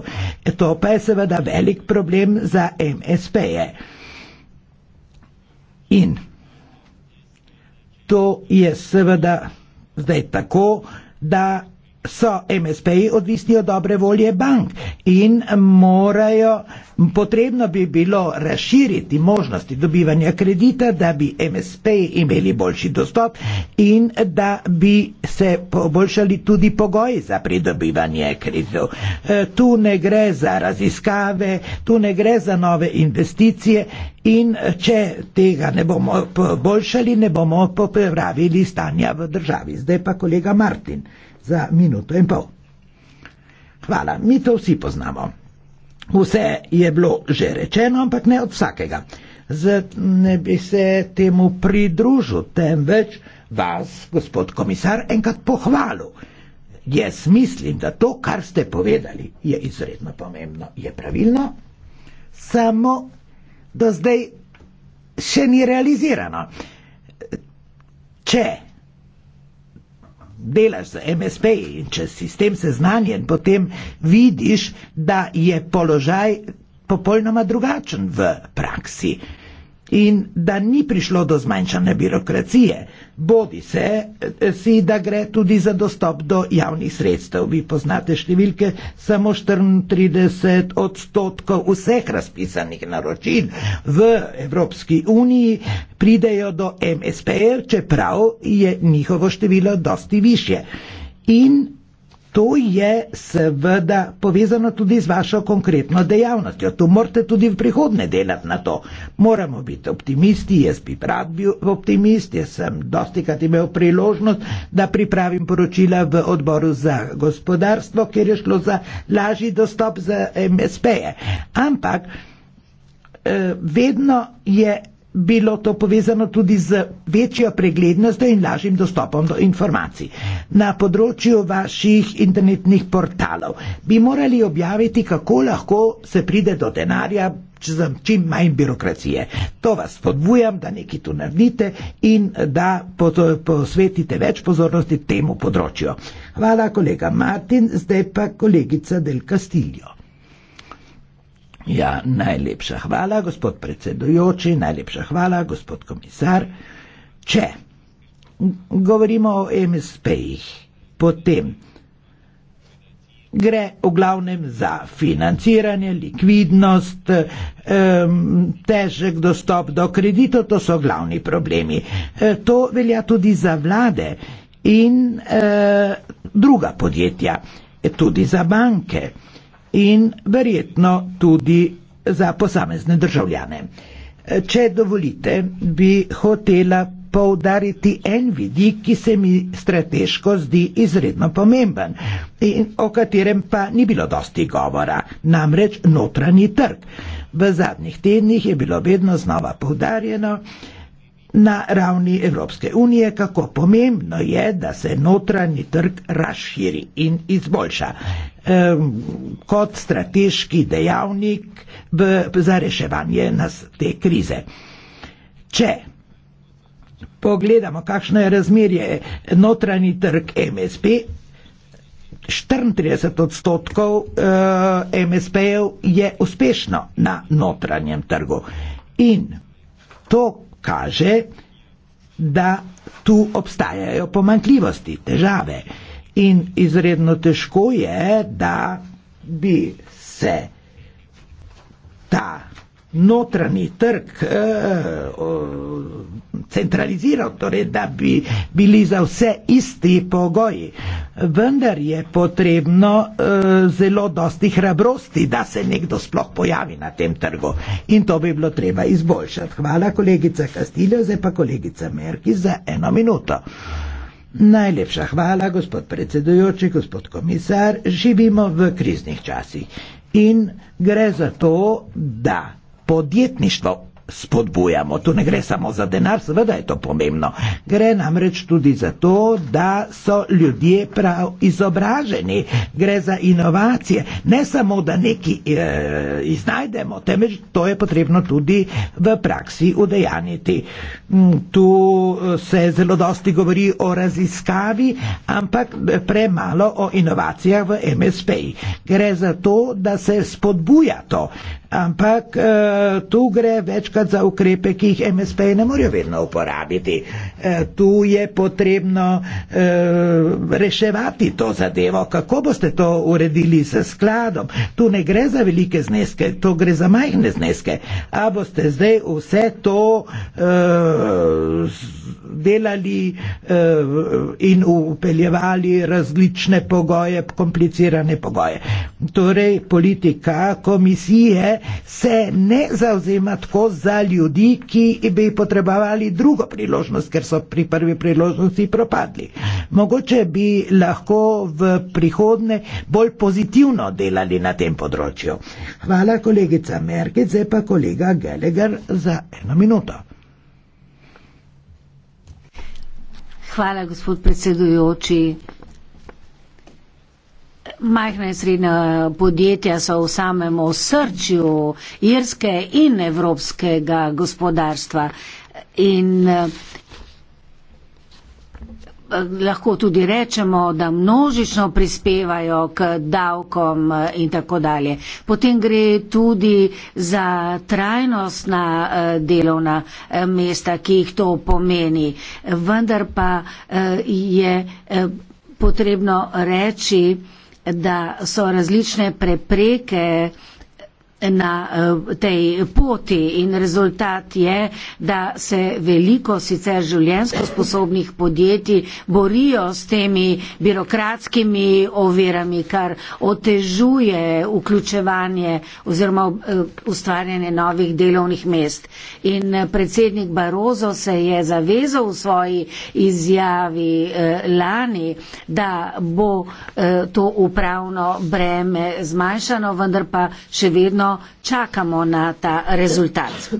To pa je seveda velik problem za MSP-je in. To je seveda zdaj tako, da so MSP-ji odvisni od dobre volje bank in morajo, potrebno bi bilo razširiti možnosti dobivanja kredita, da bi MSP-ji imeli boljši dostop in da bi se poboljšali tudi pogoji za pridobivanje kreditov. E, tu ne gre za raziskave, tu ne gre za nove investicije in če tega ne bomo poboljšali, ne bomo popravili stanja v državi. Zdaj pa kolega Martin za minuto in pol. Hvala, mi to vsi poznamo. Vse je bilo že rečeno, ampak ne od vsakega. Zato ne bi se temu pridružil, temveč vas, gospod komisar, enkrat pohvalil. Jaz mislim, da to, kar ste povedali, je izredno pomembno. Je pravilno, samo do zdaj še ni realizirano. Če delaš za MSP in če si s tem seznanjen, potem vidiš, da je položaj popolnoma drugačen v praksi in da ni prišlo do zmanjšane birokracije, bodi se eh, si, da gre tudi za dostop do javnih sredstev. Vi poznate številke, samo 34 odstotkov vseh razpisanih naročil v Evropski uniji pridejo do MSPR, čeprav je njihovo število dosti više. In To je seveda povezano tudi z vašo konkretno dejavnostjo. To morate tudi v prihodnje delati na to. Moramo biti optimisti, jaz bi rad bil optimist, jaz sem dosti krat imel priložnost, da pripravim poročila v odboru za gospodarstvo, ker je šlo za lažji dostop za MSP-je. Ampak eh, vedno je bilo to povezano tudi z večjo preglednostjo in lažjim dostopom do informacij. Na področju vaših internetnih portalov bi morali objaviti, kako lahko se pride do denarja z čim manj birokracije. To vas podbujam, da nekaj tu naredite in da posvetite več pozornosti temu področju. Hvala, kolega Martin, zdaj pa kolegica Del Castillo. Ja, najlepša hvala, gospod predsedujoči, najlepša hvala, gospod komisar. Če govorimo o MSP-jih, potem gre v glavnem za financiranje, likvidnost, težek dostop do kreditov, to so glavni problemi. E, to velja tudi za vlade in e, druga podjetja, e, tudi za banke in verjetno tudi za posamezne državljane. Če dovolite, bi hotela poudariti en vidik, ki se mi strateško zdi izredno pomemben in o katerem pa ni bilo dosti govora, namreč notranji trg. V zadnjih tednih je bilo vedno znova poudarjeno, na ravni Evropske unije, kako pomembno je, da se notranji trg razširi in izboljša ehm, kot strateški dejavnik v, za reševanje nas te krize. Če pogledamo, kakšno je razmerje notranji trg MSP, 34 odstotkov e, eh, MSP-ev je uspešno na notranjem trgu. In to, kaže, da tu obstajajo pomankljivosti, težave in izredno težko je, da bi se ta notranji trg eh, centraliziral, torej da bi bili za vse isti pogoji. Vendar je potrebno eh, zelo dosti hrabrosti, da se nekdo sploh pojavi na tem trgu in to bi bilo treba izboljšati. Hvala kolegica Kastiljo, zdaj pa kolegica Merki za eno minuto. Najlepša hvala, gospod predsedujoči, gospod komisar, živimo v kriznih časih in gre za to, da podjetništvo spodbujamo. Tu ne gre samo za denar, seveda je to pomembno. Gre namreč tudi za to, da so ljudje prav izobraženi. Gre za inovacije. Ne samo, da neki e, eh, iznajdemo, temveč to je potrebno tudi v praksi udejaniti. Mm, tu eh, se zelo dosti govori o raziskavi, ampak eh, premalo o inovacijah v MSP. Gre za to, da se spodbuja to. E, ampak eh, tu gre večkrat za ukrepe, ki jih MSP ne morejo vedno uporabiti. Eh, tu je potrebno eh, reševati to zadevo, kako boste to uredili s skladom. Tu ne gre za velike zneske, to gre za majhne zneske. A boste zdaj vse to eh, delali eh, in upeljevali različne pogoje, komplicirane pogoje. Torej, politika komisije, se ne zauzema tako za ljudi, ki bi potrebovali drugo priložnost, ker so pri prvi priložnosti propadli. Mogoče bi lahko v prihodne bolj pozitivno delali na tem področju. Hvala kolegica Merkic, zdaj pa kolega Gelegar za eno minuto. Hvala, gospod predsedujoči. Majhne in srednje podjetja so v samem osrčju irske in evropskega gospodarstva. In eh, lahko tudi rečemo, da množično prispevajo k davkom eh, in tako dalje. Potem gre tudi za trajnostna eh, delovna mesta, ki jih to pomeni. Vendar pa je potrebno reči, da so različne prepreke, na eh, tej poti in rezultat je, da se veliko sicer življensko sposobnih podjetij borijo s temi birokratskimi ovirami, kar otežuje vključevanje oziroma eh, ustvarjanje novih delovnih mest. In eh, predsednik Barozo se je zavezal v svoji izjavi lani, da bo to upravno breme zmanjšano, vendar pa še vedno čakamo na ta rezultat.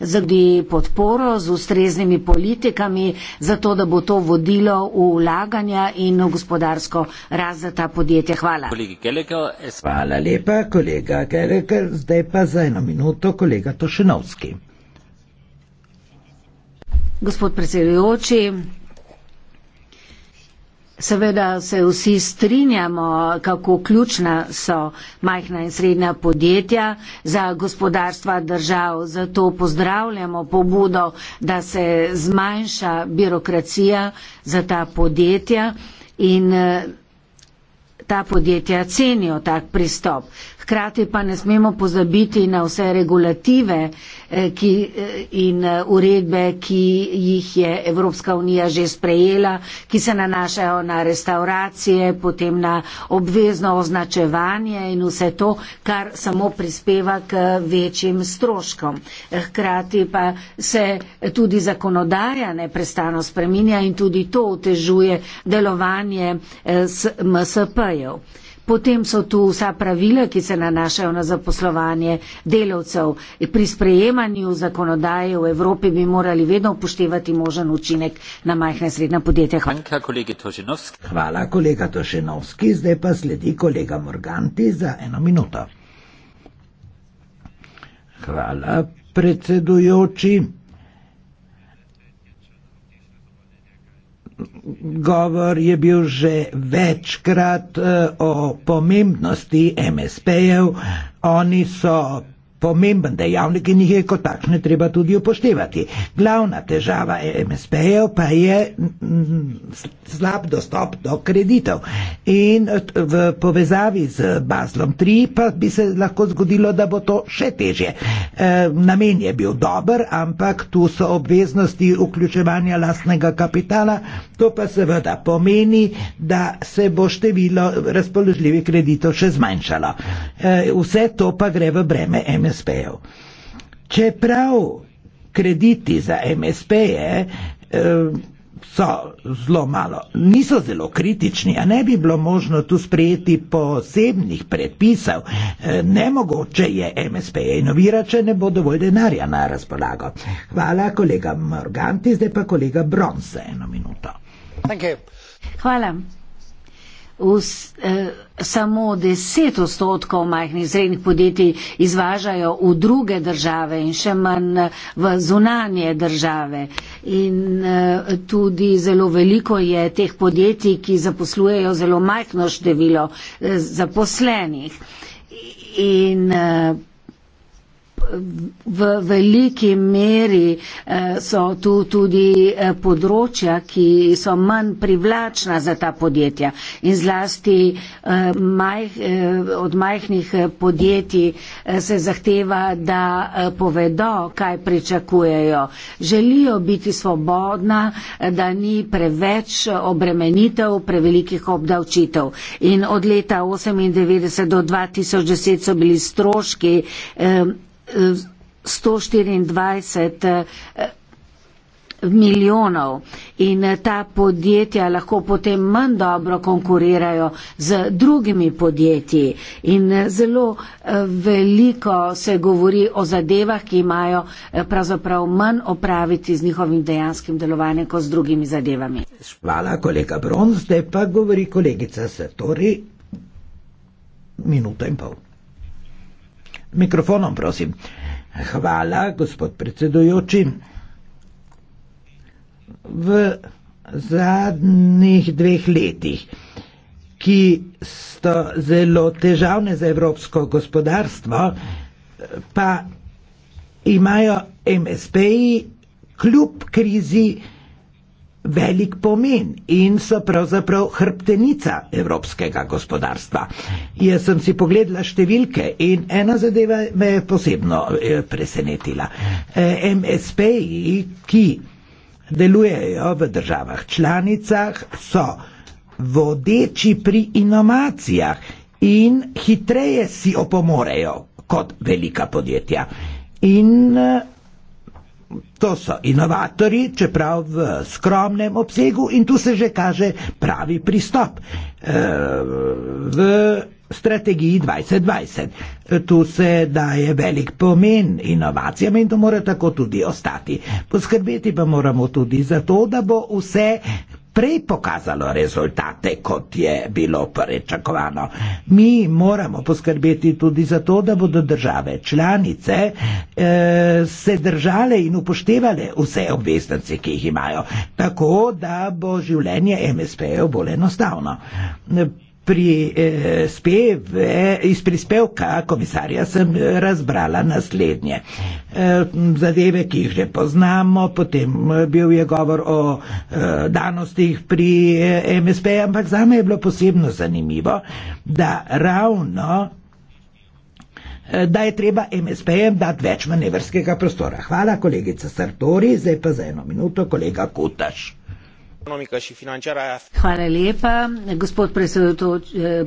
Zagdi podporo z ustreznimi politikami, zato da bo to vodilo v ulaganja in v gospodarsko raz za ta podjetja. Hvala. Hvala lepa, kolega Kelekel. Zdaj pa za eno minuto, kolega Tošinovski. Gospod predsedujoči, Seveda se vsi strinjamo, kako ključna so majhna in srednja podjetja za gospodarstva držav, zato pozdravljamo pobudo, da se zmanjša birokracija za ta podjetja in eh, ta podjetja cenijo tak pristop. Hkrati pa ne smemo pozabiti na vse regulative eh, ki, eh, in eh, uredbe, ki jih je Evropska unija že sprejela, ki se nanašajo na restauracije, potem na obvezno označevanje in vse to, kar samo prispeva k večjim stroškom. Hkrati pa se tudi zakonodaja neprestano spreminja in tudi to otežuje delovanje s MSP-jev. Potem so tu vsa pravila, ki se nanašajo na zaposlovanje delavcev. Pri sprejemanju zakonodaje v Evropi bi morali vedno upoštevati možen učinek na majhne srednje podjetja. Hvala, kolega Tošenovski. Zdaj pa sledi kolega Morganti za eno minuto. Hvala, predsedujoči. govor je bil že večkrat eh, o pomembnosti MSP-jev. Oni so pomemben dejavnik in jih je kot takšne treba tudi upoštevati. Glavna težava MSP-jev pa je slab dostop do kreditov. In v povezavi z Baslom 3 pa bi se lahko zgodilo, da bo to še teže. E, namen je bil dober, ampak tu so obveznosti vključevanja lastnega kapitala. To pa seveda pomeni, da se bo število razpoložljivih kreditov še zmanjšalo. E, vse to pa gre v breme MSP ne spejo. Čeprav krediti za MSP-je eh, so zelo malo, niso zelo kritični, a ne bi bilo možno tu sprejeti posebnih predpisov, eh, nemogoče je MSP-je inovirati, če ne bo dovolj denarja na razpolago. Hvala kolega Morganti, zdaj pa kolega Bronze eno minuto. Hvala. Vs, eh, samo deset odstotkov majhnih srednjih podjetij izvažajo v druge države in še manj v zunanje države. In eh, tudi zelo veliko je teh podjetij, ki zaposlujejo zelo majhno število eh, zaposlenih. In, eh, V veliki meri eh, so tu tudi eh, področja, ki so manj privlačna za ta podjetja in zlasti eh, od majhnih podjetij se zahteva, da povedo, kaj pričakujejo. Želijo biti svobodna, da ni preveč obremenitev, prevelikih obdavčitev. In od leta 1998 do 2010 so bili stroški 124 eh, milijonov in eh, ta podjetja lahko potem manj dobro konkurirajo z drugimi podjetji. In eh, zelo veliko se govori o zadevah, ki imajo pravzaprav manj opraviti z njihovim dejanskim delovanjem kot z drugimi zadevami. Hvala, kolega Bron, zdaj pa govori kolegica Satori. Minuta in pol. Mikrofonom, prosim. Hvala, gospod predsedujoči. V zadnjih dveh letih, ki so zelo težavne za evropsko gospodarstvo, pa imajo MSP-ji kljub krizi velik pomen in so pravzaprav hrbtenica evropskega gospodarstva. Jaz sem si pogledala številke in ena zadeva me je posebno eh, presenetila. Eh, MSP-ji, ki delujejo v državah članicah, so vodeči pri inovacijah in hitreje si opomorejo kot velika podjetja. In eh, To so inovatori, čeprav v skromnem obsegu in tu se že kaže pravi pristop. Eh, v strategiji 2020. Tu se daje velik pomen inovacijam in to mora tako tudi ostati. Poskrbeti pa moramo tudi za to, da bo vse prej pokazalo rezultate, kot je bilo prečakovano. Mi moramo poskrbeti tudi za to, da bodo države članice eh, se držale in upoštevale vse obveznice, ki jih imajo, tako da bo življenje MSP-jev bolj enostavno prispeve, iz prispevka komisarja sem razbrala naslednje. E, zadeve, ki jih že poznamo, potem bil je govor o e, danostih pri MSP, ampak za me je bilo posebno zanimivo, da ravno e, da je treba MSP-jem dati več manevrskega prostora. Hvala, kolegica Sartori, zdaj pa za eno minuto, kolega Kutaš economică și financiară a Africii. Hvala lepa, gospod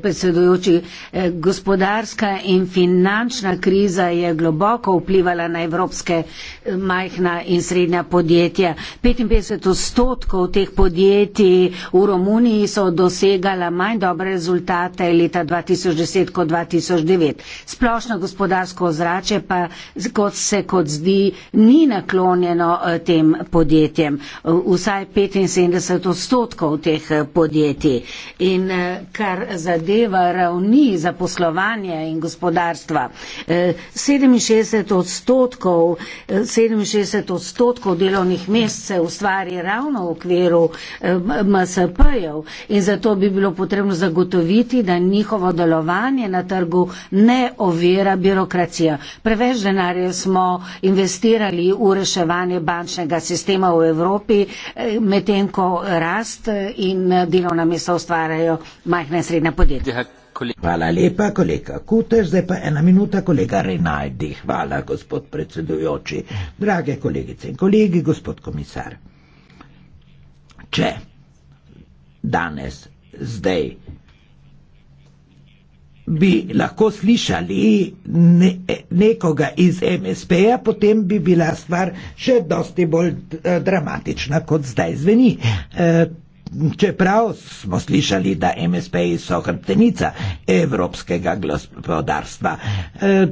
predsedujoči. Eh, gospodarska in finančna kriza je globoko vplivala na evropske eh, majhna in srednja podjetja. 55 odstotkov teh podjetij v Romuniji so dosegala manj dobre rezultate leta 2010 kot 2009. Splošno gospodarsko ozrače pa, kot se kot zdi, ni naklonjeno eh, tem podjetjem. Vsaj 75 30 odstotkov teh eh, podjetij. In eh, kar zadeva ravni zaposlovanja in gospodarstva, 67 eh, odstotkov, 67 odstotkov delovnih mest se ustvari ravno v okviru MSP-jev in zato bi bilo potrebno zagotoviti, da njihovo delovanje na trgu ne ovira birokracija. Preveč denarja smo investirali v reševanje bančnega sistema v Evropi, medtem ko rast in delovna mesta ustvarjajo majhne in srednje podjetje. Hvala lepa, kolega Kuter. Zdaj pa ena minuta, kolega Renajdi. Hvala, gospod predsedujoči. Drage kolegice in kolegi, gospod komisar. Če danes, zdaj bi lahko slišali ne, nekoga iz MSP-ja, potem bi bila stvar še dosti bolj eh, dramatična, kot zdaj zveni. E, Čeprav smo slišali, da MSP so hrbtenica evropskega gospodarstva, e,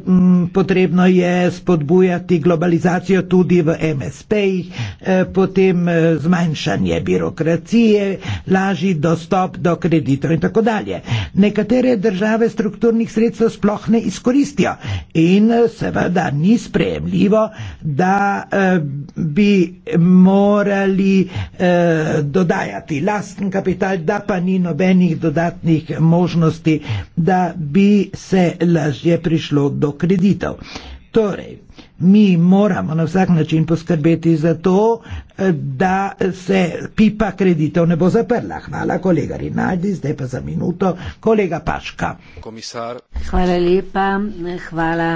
potrebno je spodbujati globalizacijo tudi v MSP, e, potem e, zmanjšanje birokracije, lažji dostop do kreditov in tako dalje. Nekatere države strukturnih sredstev sploh ne izkoristijo in seveda ni sprejemljivo, da bi morali dodajati lasten kapital, da pa ni nobenih dodatnih možnosti, da bi se lažje prišlo do kreditov. Torej, mi moramo na vsak način poskrbeti za to, da se pipa kreditov ne bo zaprla. Hvala, kolega Rinaldi, zdaj pa za minuto, kolega Paška. Komisar. Hvala lepa, hvala.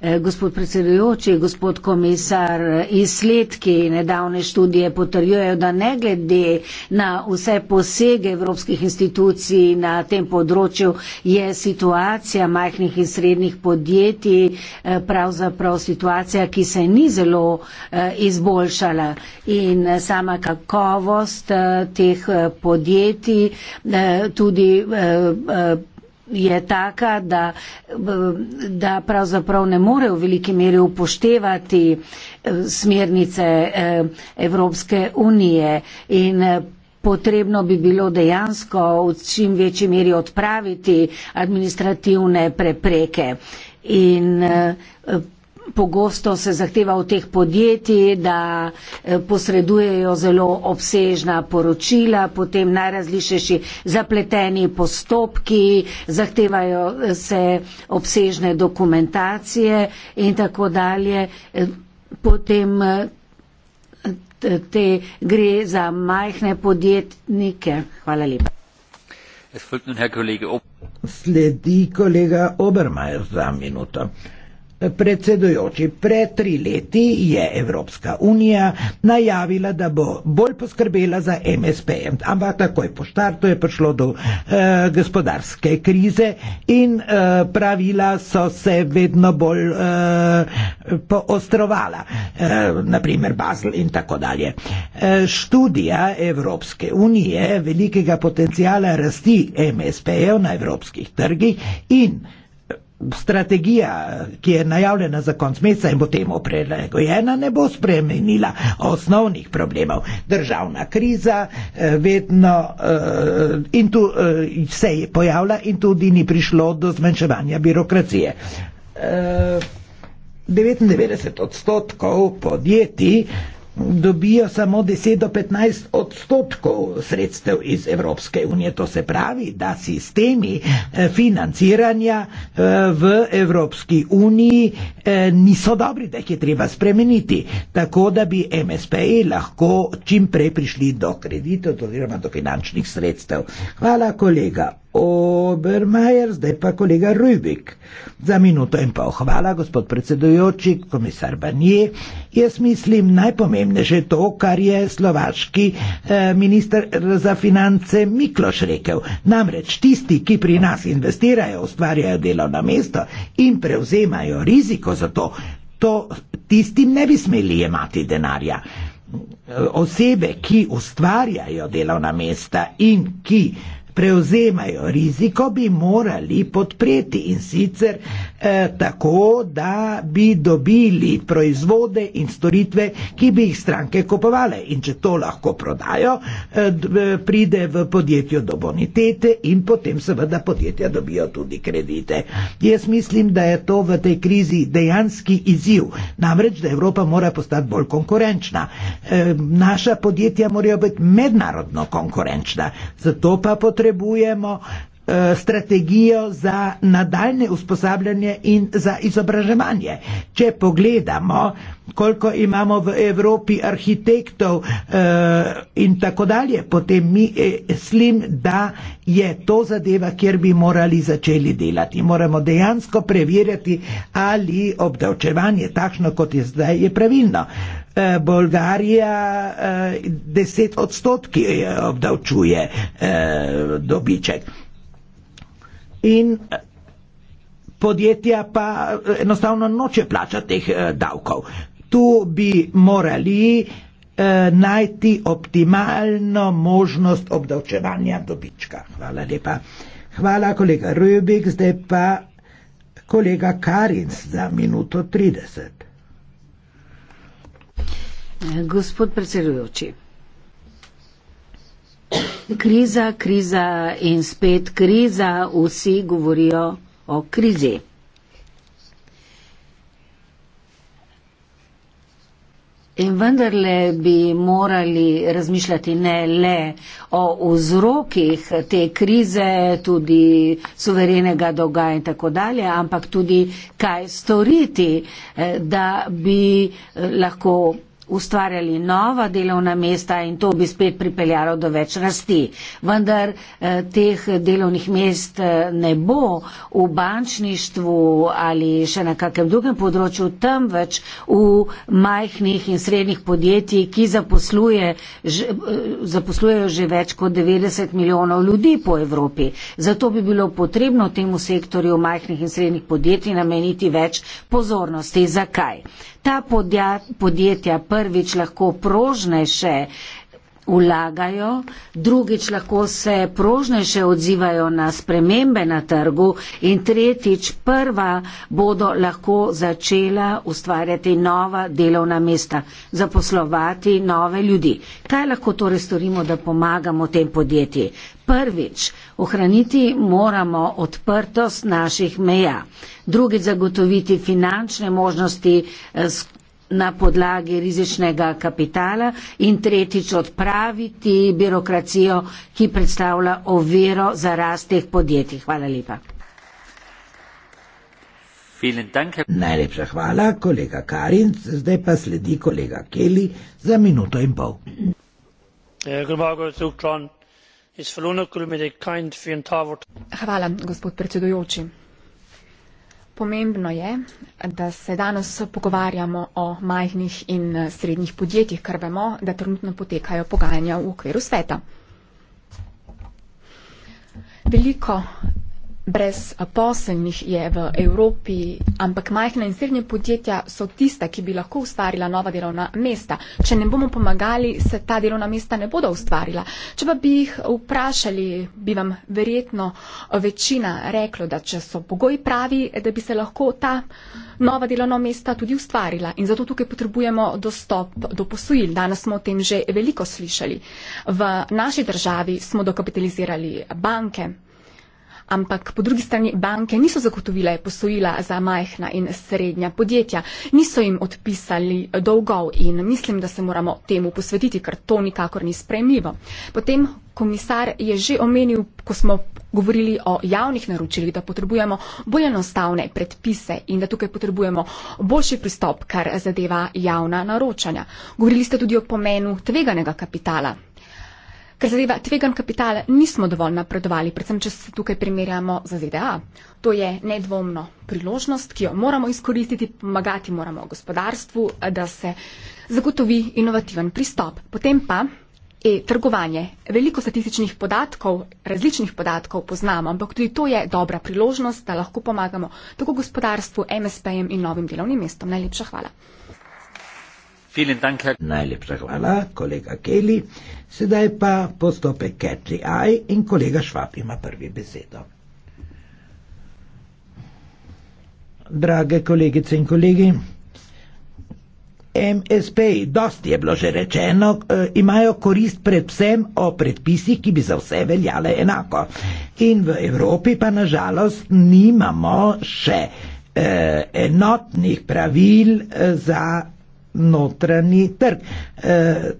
Eh, gospod predsedujoči, gospod komisar, izsledki nedavne študije potrjujejo, da ne glede na vse posege evropskih institucij na tem področju, je situacija majhnih in srednjih podjetij eh, pravzaprav situacija, ki se ni zelo eh, izboljšala. In sama kakovost teh podjetij, tudi je taka, da, da pravzaprav ne more v veliki meri upoštevati eh, smernice eh, Evropske unije in eh, potrebno bi bilo dejansko v čim večji meri odpraviti administrativne prepreke. In Pogosto se zahteva od teh podjetij, da eh, posredujejo zelo obsežna poročila, potem najrazlišejši zapleteni postopki, zahtevajo eh, se obsežne dokumentacije in tako dalje. Eh, potem te gre za majhne podjetnike. Hvala lepa. Sledi kolega Obermajer za minuto. Predsedujoči, pred tri leti je Evropska unija najavila, da bo bolj poskrbela za MSP, ampak takoj po štartu je prišlo do eh, gospodarske krize in eh, pravila so se vedno bolj eh, poostrovala, eh, naprimer Basel in tako dalje. Eh, študija Evropske unije velikega potencijala rasti MSP-jev na evropskih trgih in eh, Strategija, ki je najavljena za konc meseca in bo temu prelegojena, ne bo spremenila osnovnih problemov. Državna kriza eh, vedno eh, in tu eh, se je pojavila in tudi ni prišlo do zmanjševanja birokracije. 99 odstotkov podjetij dobijo samo 10 do 15 odstotkov sredstev iz Evropske unije. To se pravi, da sistemi eh, financiranja eh, v Evropski uniji eh, niso dobri, da jih je treba spremeniti, tako da bi MSP-ji lahko čim prej prišli do kreditov oziroma do finančnih sredstev. Hvala, kolega. Obermajer, zdaj pa kolega Rubik. Za minuto in pol hvala, gospod predsedujoči, komisar Banje. Jaz mislim najpomembnejše to, kar je slovaški eh, minister za finance Mikloš rekel. Namreč tisti, ki pri nas investirajo, ustvarjajo delo na mesto in prevzemajo riziko za to, to tistim ne bi smeli jemati denarja. Osebe, ki ustvarjajo delovna mesta in ki prevzemajo riziko, bi morali podpreti in sicer eh, tako, da bi dobili proizvode in storitve, ki bi jih stranke kupovale. In če to lahko prodajo, eh, eh, pride v podjetju do bonitete in potem seveda podjetja dobijo tudi kredite. Jaz mislim, da je to v tej krizi dejanski izziv. Namreč, da Evropa mora postati bolj konkurenčna. Eh, naša podjetja morajo biti mednarodno konkurenčna. Zato pa potrebujemo potrebujemo eh, strategijo za nadaljne usposabljanje in za izobraževanje. Če pogledamo, koliko imamo v Evropi arhitektov eh, in tako dalje, potem mislim, eh, da je to zadeva, kjer bi morali začeli delati. Moramo dejansko preverjati, ali obdavčevanje takšno, kot je zdaj, je pravilno. Eh, Bolgarija 10 eh, odstotki eh, obdavčuje dobiček. In podjetja pa enostavno noče plačati teh davkov. Tu bi morali najti optimalno možnost obdavčevanja dobička. Hvala lepa. Hvala, kolega Rubik, zdaj pa kolega Karinc za minuto 30. Gospod predsedujoči. Kriza, kriza in spet kriza, vsi govorijo o krizi. In vendarle bi morali razmišljati ne le o vzrokih te krize, tudi suverenega dogaja in tako dalje, ampak tudi kaj storiti, eh, da bi eh, lahko ustvarjali nova delovna mesta in to bi spet pripeljalo do več rasti. Vendar eh, teh delovnih mest eh, ne bo v bančništvu ali še na kakem drugem področju, temveč v majhnih in srednjih podjetjih, ki zaposluje, že, eh, zaposlujejo že več kot 90 milijonov ljudi po Evropi. Zato bi bilo potrebno temu sektorju majhnih in srednjih podjetij nameniti več pozornosti. Zakaj? ta podja, podjetja prvič lahko prožnejše vlagajo, drugič lahko se prožnejše odzivajo na spremembe na trgu in tretjič prva bodo lahko začela ustvarjati nova delovna mesta, zaposlovati nove ljudi. Kaj lahko torej storimo, da pomagamo tem podjetjem? Prvič, Ohraniti moramo odprtost naših meja, drugi zagotoviti finančne možnosti eh, na podlagi rizičnega kapitala in tretjič odpraviti birokracijo, ki predstavlja oviro za rast teh podjetij. Hvala lepa. Najlepša hvala, kolega Karin. Zdaj pa sledi kolega Keli za minuto in pol. Ja, gospod predsedujoči. Pomembno je, da se danes pogovarjamo o majhnih in eh, srednjih podjetjih, ker vemo, da trenutno potekajo pogajanja v okviru sveta. Veliko brezposelnih je v Evropi, ampak majhna in srednja podjetja so tista, ki bi lahko ustvarila nova delovna mesta. Če ne bomo pomagali, se ta delovna mesta ne bodo ustvarila. Če pa bi jih vprašali, bi vam verjetno večina reklo, da če so pogoji pravi, da bi se lahko ta nova delovna mesta tudi ustvarila. In zato tukaj potrebujemo dostop do posojil. Danes smo o tem že veliko slišali. V naši državi smo dokapitalizirali banke ampak po drugi strani banke niso zagotovile posojila za majhna in srednja podjetja, niso jim odpisali dolgov in mislim, da se moramo temu posvetiti, ker to nikakor ni sprejemljivo. Potem komisar je že omenil, ko smo govorili o javnih naročilih, da potrebujemo bolj enostavne predpise in da tukaj potrebujemo boljši pristop, kar zadeva javna naročanja. Govorili ste tudi o pomenu tveganega kapitala. Kar zadeva tvegan kapital, nismo dovolj napredovali, predvsem če se tukaj primerjamo z ZDA. To je nedvomno priložnost, ki jo moramo izkoristiti, pomagati moramo gospodarstvu, da se zagotovi inovativen pristop. Potem pa e-trgovanje. Veliko statističnih podatkov, različnih podatkov poznamo, ampak tudi to je dobra priložnost, da lahko pomagamo tako gospodarstvu, MSP-jem in novim delovnim mestom. Najlepša hvala. Dank, Herr... Najlepša hvala, kolega Keli. Sedaj pa postopek Ketri Aj in kolega Švab ima prvi besedo. Drage kolegice in kolegi, MSP, dosti je bilo že rečeno, eh, imajo korist predvsem o predpisih, ki bi za vse veljale enako. In v Evropi pa nažalost nimamo še eh, enotnih pravil eh, za notrani trg. E,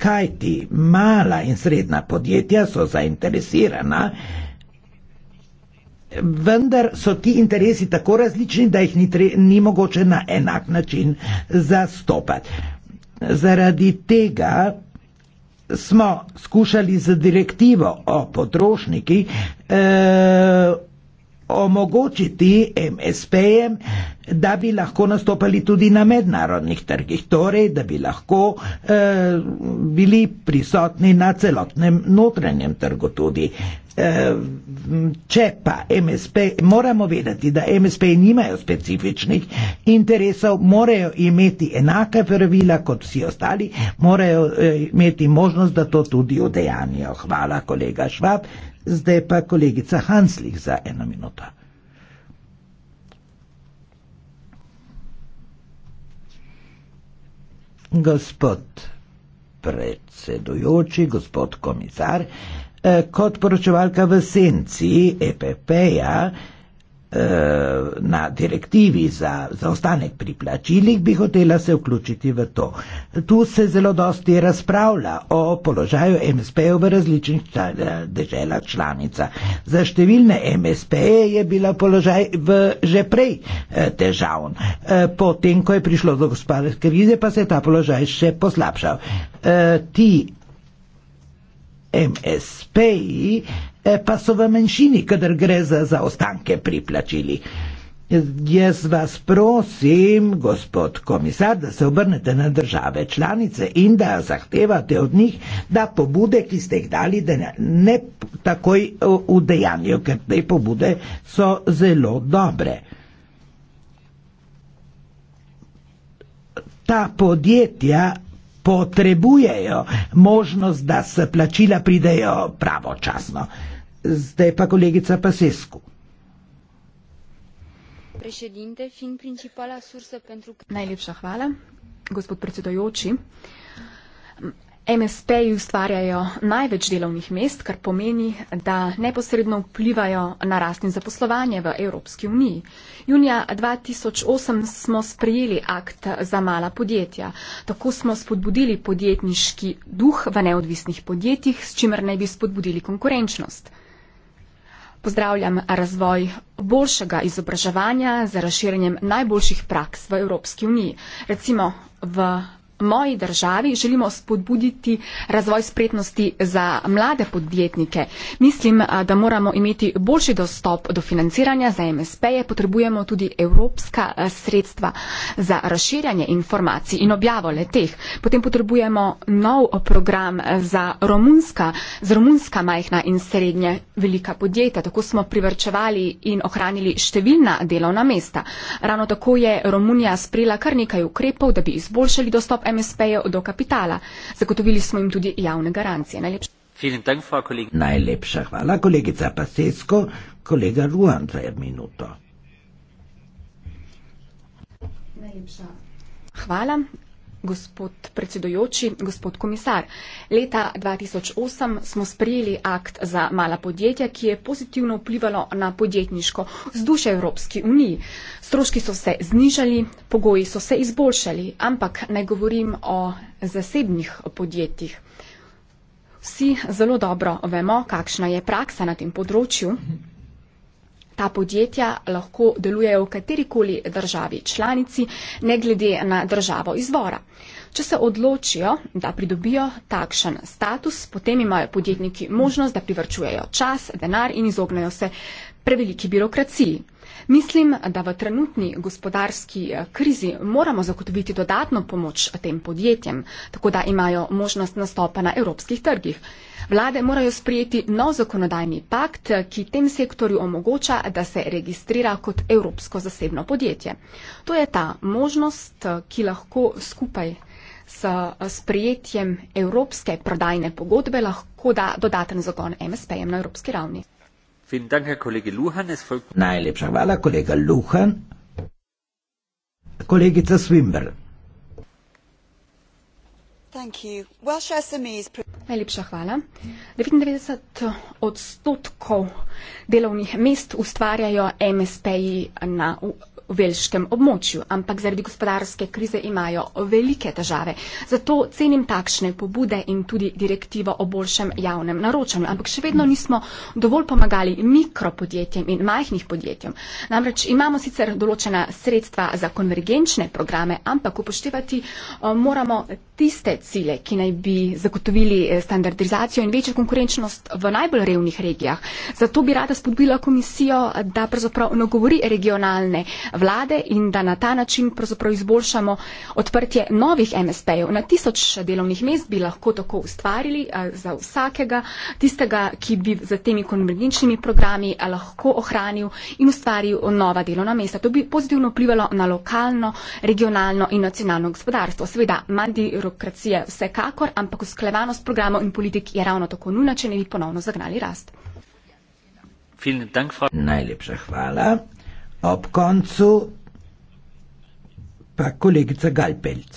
kaj ti mala in srednja podjetja so zainteresirana, vendar so ti interesi tako različni, da jih ni, tre, ni mogoče na enak način zastopati. Zaradi tega smo skušali z direktivo o potrošniki e, omogočiti MSP-jem, da bi lahko nastopali tudi na mednarodnih trgih, torej da bi lahko eh, bili prisotni na celotnem notranjem trgu tudi. Eh, če pa MSP, moramo vedeti, da MSP nimajo specifičnih interesov, morajo imeti enaka pravila kot vsi ostali, morajo eh, imeti možnost, da to tudi udejanijo. Hvala, kolega Švab. Zdaj pa kolegica Hanslih za eno minuto. Gospod predsedujoči, gospod komisar, eh, kot poročevalka v senci EPP-ja, -ja, Eh, na direktivi za zaostanek pri plačilih, bi hotela se vključiti v to. Tu se zelo dosti razpravlja o položaju MSP-ev v različnih deželah članica. Za številne MSP-e je bila položaj v že prej eh, težavn. Eh, potem, ko je prišlo do gospodarske krize, pa se je ta položaj še poslabšal. Ti MSP-ji eh, pa so v menjšini, kadar gre za zaostanke pri plačili. Jaz vas prosim, gospod komisar, da se obrnete na države članice in da zahtevate od njih, da pobude, ki ste jih dali, da ne takoj eh, udejanijo, ker te pobude so zelo dobre. Ta podjetja potrebujejo možnost, da se plačila pridejo pravočasno. Zdaj pa kolegica Pasesku. Najlepša hvala, gospod predsedojoči. MSP-ji ustvarjajo največ delovnih mest, kar pomeni, da neposredno vplivajo na rast in zaposlovanje v Evropski uniji. Junija 2008 smo sprejeli akt za mala podjetja. Tako smo spodbudili podjetniški duh v neodvisnih podjetjih, s čimer naj bi spodbudili konkurenčnost. Pozdravljam razvoj boljšega izobraževanja za razširjenjem najboljših praks v Evropski uniji. Recimo v moji državi želimo spodbuditi razvoj spretnosti za mlade podjetnike. Mislim, da moramo imeti boljši dostop do financiranja za MSP-je, potrebujemo tudi evropska sredstva za razširjanje informacij in objavo leteh. Potem potrebujemo nov program za romunska, za romunska majhna in srednje velika podjetja. Tako smo privrčevali in ohranili številna delovna mesta. Ravno tako je Romunija sprejela kar nekaj ukrepov, da bi izboljšali dostop MSP-jev MSP-je do kapitala. Zagotovili smo jim tudi javne garancije. Najlepša, Dank, Najlepša hvala, kolegica Pasesko. Kolega Ruan, dve minuto. Najlepša. Hvala. Gospod predsedujoči, gospod komisar, leta 2008 smo sprejeli akt za mala podjetja, ki je pozitivno vplivalo na podjetniško vzdušje Evropski uniji. Stroški so se znižali, pogoji so se izboljšali, ampak ne govorim o zasebnih podjetjih. Vsi zelo dobro vemo, kakšna je praksa na tem področju. Mhm. Ta podjetja lahko delujejo v katerikoli državi članici, ne glede na državo izvora. Če se odločijo, da pridobijo takšen status, potem imajo podjetniki možnost, da privrčujejo čas, denar in izognejo se preveliki birokraciji. Mislim, da v trenutni gospodarski eh, krizi moramo zagotoviti dodatno pomoč tem podjetjem, tako da imajo možnost nastopa na evropskih trgih. Vlade morajo sprijeti nov zakonodajni pakt, eh, ki tem sektorju omogoča, da se registrira kot evropsko zasebno podjetje. To je ta možnost, eh, ki lahko skupaj s sprijetjem evropske prodajne pogodbe lahko da dodaten zagon MSP-jem na evropski ravni. Najlepša hvala, kolega Luhan. Kolegica Swimber. Najlepša hvala. 99 odstotkov delovnih mest ustvarjajo MSP-ji na velškem območju, ampak zaradi gospodarske krize imajo velike težave. Zato cenim takšne pobude in tudi direktivo o boljšem javnem naročanju. Ampak še vedno nismo dovolj pomagali mikropodjetjem in majhnih podjetjem. Namreč imamo sicer določena sredstva za konvergenčne programe, ampak upoštevati eh, moramo tiste cilje, ki naj bi zagotovili eh, standardizacijo in večjo konkurenčnost v najbolj revnih regijah. Zato bi rada spodbila komisijo, da pravzaprav nagovori regionalne vlade in da na ta način pravzaprav izboljšamo odprtje novih MSP-jev. Na tisoč delovnih mest bi lahko tako ustvarili eh, za vsakega tistega, ki bi z temi konvergenčnimi programi eh, lahko ohranil in ustvaril nova delovna mesta. To bi pozitivno vplivalo na lokalno, regionalno in nacionalno gospodarstvo. Seveda, manj birokracije vsekakor, ampak usklevanost programov in politik je ravno tako nujna, če ne bi ponovno zagnali rast. Najlepša hvala. Ob koncu pa kolegica Galpelc.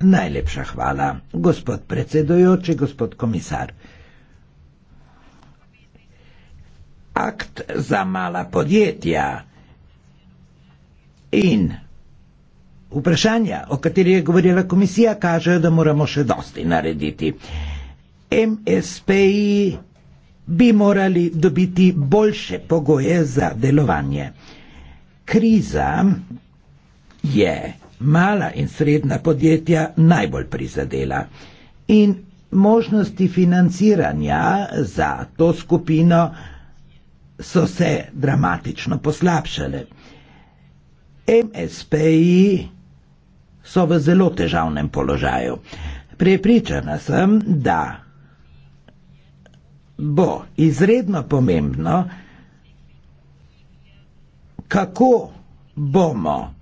Najlepša hvala, gospod predsedujoči, gospod komisar. Akt za mala podjetja in vprašanja, o katerih je govorila komisija, kažejo, da moramo še dosti narediti. MSPI bi morali dobiti boljše pogoje za delovanje. Kriza je mala in srednja podjetja najbolj prizadela in možnosti financiranja za to skupino so se dramatično poslabšale. MSP-ji so v zelo težavnem položaju. Prepričana sem, da bo izredno pomembno, kako bomo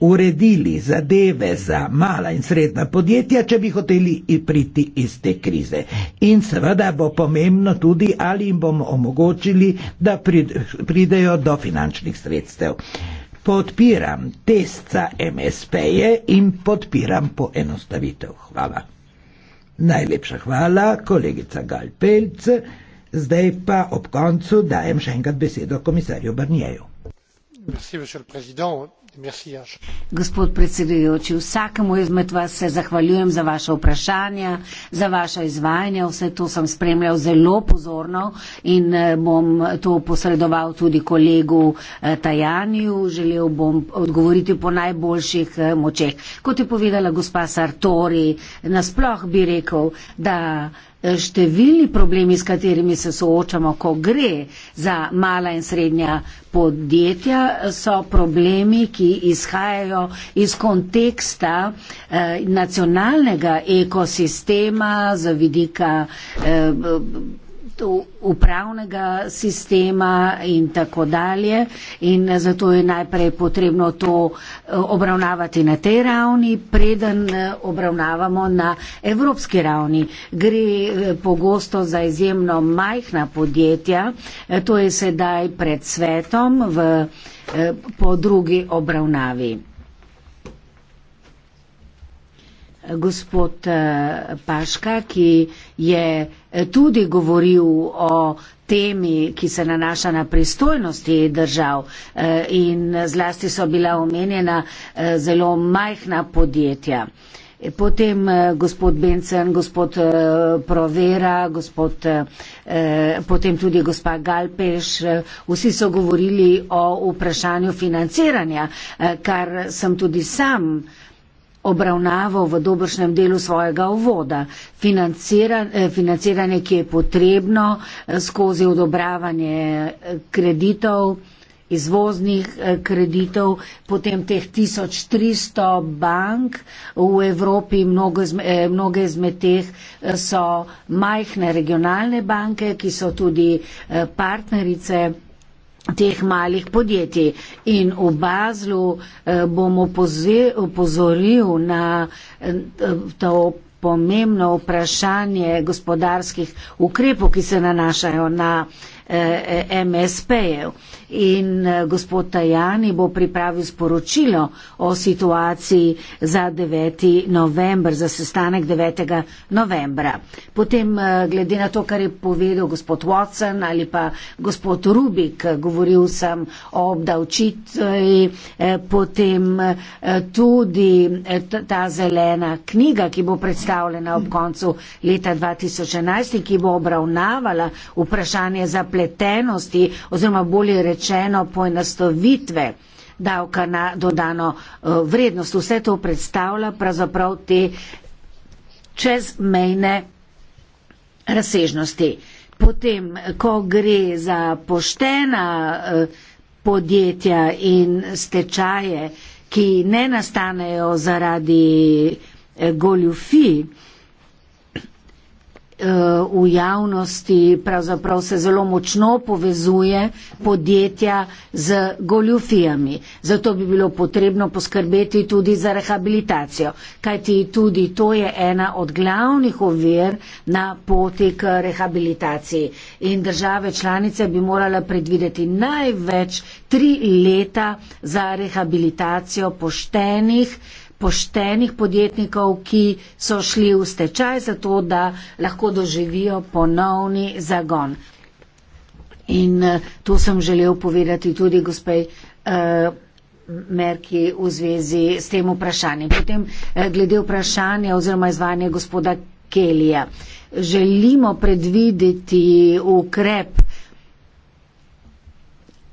uredili zadeve za mala in srednja podjetja, če bi hoteli priti iz te krize. In seveda bo pomembno tudi, ali jim bomo omogočili, da pridejo do finančnih sredstev. Podpiram testca MSP-je in podpiram poenostavitev. Hvala. Najlepša hvala, kolegica Galpelc. Zdaj pa ob koncu dajem še enkrat besedo komisarju Barnjeju. Merci, monsieur le Président. Gospod predsedujoči, vsakemu izmed vas se zahvaljujem za vaše vprašanja, za vaše izvajanje. Vse to sem spremljal zelo pozorno in eh, bom to posredoval tudi kolegu eh, Tajanju. Želel bom odgovoriti po najboljših eh, močeh. Kot je povedala gospa Sartori, nasploh bi rekel, da številni problemi, s katerimi se soočamo, ko gre za mala in srednja podjetja, so problemi, ki izhajajo iz konteksta eh, nacionalnega ekosistema, z vidika. Eh, upravnega sistema in tako dalje. In zato je najprej potrebno to eh, obravnavati na tej ravni, preden eh, obravnavamo na evropski ravni. Gre eh, pogosto za izjemno majhna podjetja, to je sedaj pred svetom v, po drugi obravnavi. gospod eh, Paška, ki je eh, tudi govoril o temi, ki se nanaša na pristojnosti držav eh, in zlasti so bila omenjena zelo majhna podjetja. Potem gospod Bencen, gospod Provera, gospod, potem tudi gospa Galpeš, vsi so govorili o vprašanju financiranja, kar sem tudi sam obravnavo v dobršnem delu svojega uvoda. Eh, financiranje, ki je potrebno eh, skozi odobravanje eh, kreditov, izvoznih kreditov, potem teh 1300 bank v Evropi, mnogo, mnoge izmed teh so majhne regionalne banke, ki so tudi partnerice teh malih podjetij in v Bazlu eh, bomo upozoril na eh, to pomembno vprašanje gospodarskih ukrepov, ki se nanašajo na eh, MSP-jev in eh, gospod Tajani bo pripravil sporočilo o situaciji za 9. november, za sestanek 9. novembra. Potem, eh, glede na to, kar je povedal gospod Watson ali pa gospod Rubik, eh, govoril sem o obdavčitvi, potem tudi ta zelena knjiga, ki bo predstavljena ob koncu leta 2011 in ki bo obravnavala vprašanje zapletenosti oziroma bolje rečeno, rečeno poenostavitve davka na dodano eh, vrednost. Vse to predstavlja pravzaprav te čezmejne razsežnosti. Potem, ko gre za poštena eh, podjetja in stečaje, ki ne nastanejo zaradi eh, goljufi, v javnosti pravzaprav se zelo močno povezuje podjetja z goljufijami. Zato bi bilo potrebno poskrbeti tudi za rehabilitacijo, kajti tudi to je ena od glavnih ovir na poti k rehabilitaciji. In države članice bi morala predvideti največ tri leta za rehabilitacijo poštenih poštenih podjetnikov, ki so šli v stečaj zato, da lahko doživijo ponovni zagon. In eh, to sem želel povedati tudi gospej eh, Merki v zvezi s tem vprašanjem. Potem eh, glede vprašanja oziroma izvanja gospoda Kelija. Želimo predvideti ukrep,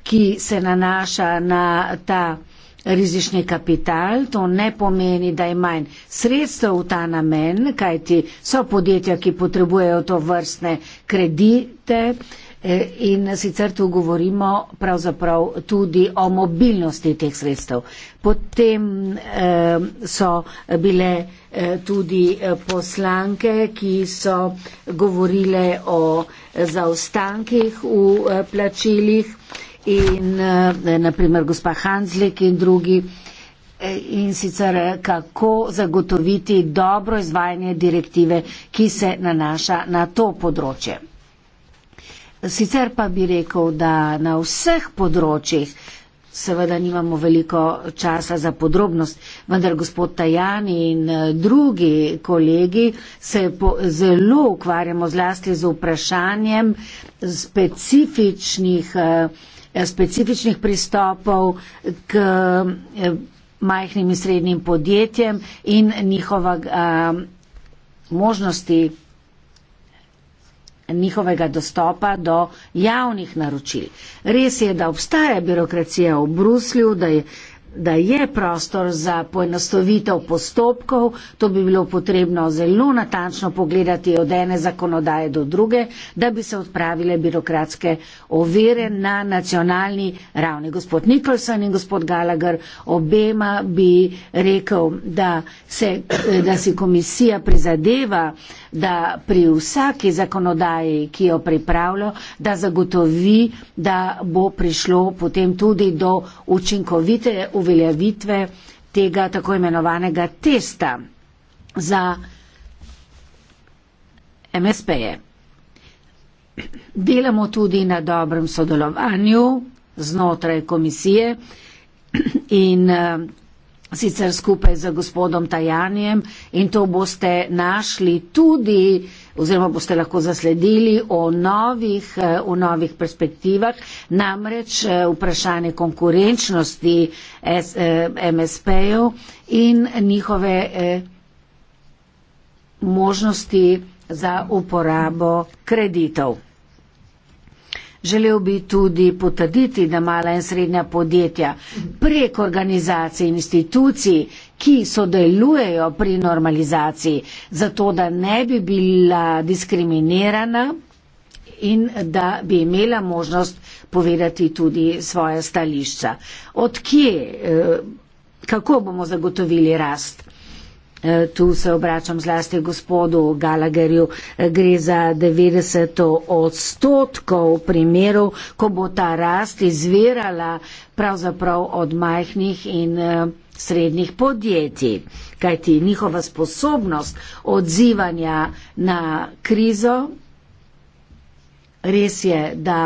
ki se nanaša na ta rizični kapital, to ne pomeni, da je manj sredstev v ta namen, kajti so podjetja, ki potrebujejo to vrstne kredite eh, in sicer tu govorimo pravzaprav tudi o mobilnosti teh sredstev. Potem eh, so bile eh, tudi poslanke, ki so govorile o zaostankih v plačilih in eh, naprimer gospa Hanzlik in drugi e, in sicer eh, kako zagotoviti dobro izvajanje direktive, ki se nanaša na to področje. Sicer pa bi rekel, da na vseh področjih seveda nimamo veliko časa za podrobnost, vendar gospod Tajani in eh, drugi kolegi se po, zelo ukvarjamo zlasti z vprašanjem specifičnih eh, Eh, specifičnih pristopov k eh, majhnim in srednjim podjetjem in njihova eh, možnosti njihovega dostopa do javnih naročil. Res je, da obstaja birokracija v Bruslju, da je da je prostor za poenostavitev postopkov, to bi bilo potrebno zelo natančno pogledati od ene zakonodaje do druge, da bi se odpravile birokratske ovire na nacionalni ravni. Gospod Nikolson in gospod Gallagher obema bi rekel, da, se, da si komisija prizadeva, da pri vsaki zakonodaji, ki jo pripravlja, da zagotovi, da bo prišlo potem tudi do učinkovite uvrstitve uveljavitve tega tako imenovanega testa za MSP-je. Delamo tudi na dobrem sodelovanju znotraj komisije in eh, sicer skupaj z gospodom Tajanjem in to boste našli tudi oziroma boste lahko zasledili o novih, v eh, novih perspektivah, namreč eh, vprašanje konkurenčnosti eh, MSP-jev in njihove možnosti za uporabo kreditov. Želel bi tudi potrditi, da mala in srednja podjetja prek organizacij in institucij, ki sodelujejo pri normalizaciji, zato da ne bi bila diskriminirana in da bi imela možnost povedati tudi svoje stališča. Odkje, eh, kako bomo zagotovili rast? Tu se obračam zlasti gospodu Galagerju. Gre za 90 odstotkov primerov, ko bo ta rast izvirala pravzaprav od majhnih in eh, srednjih podjetij, kajti njihova sposobnost odzivanja na krizo res je, da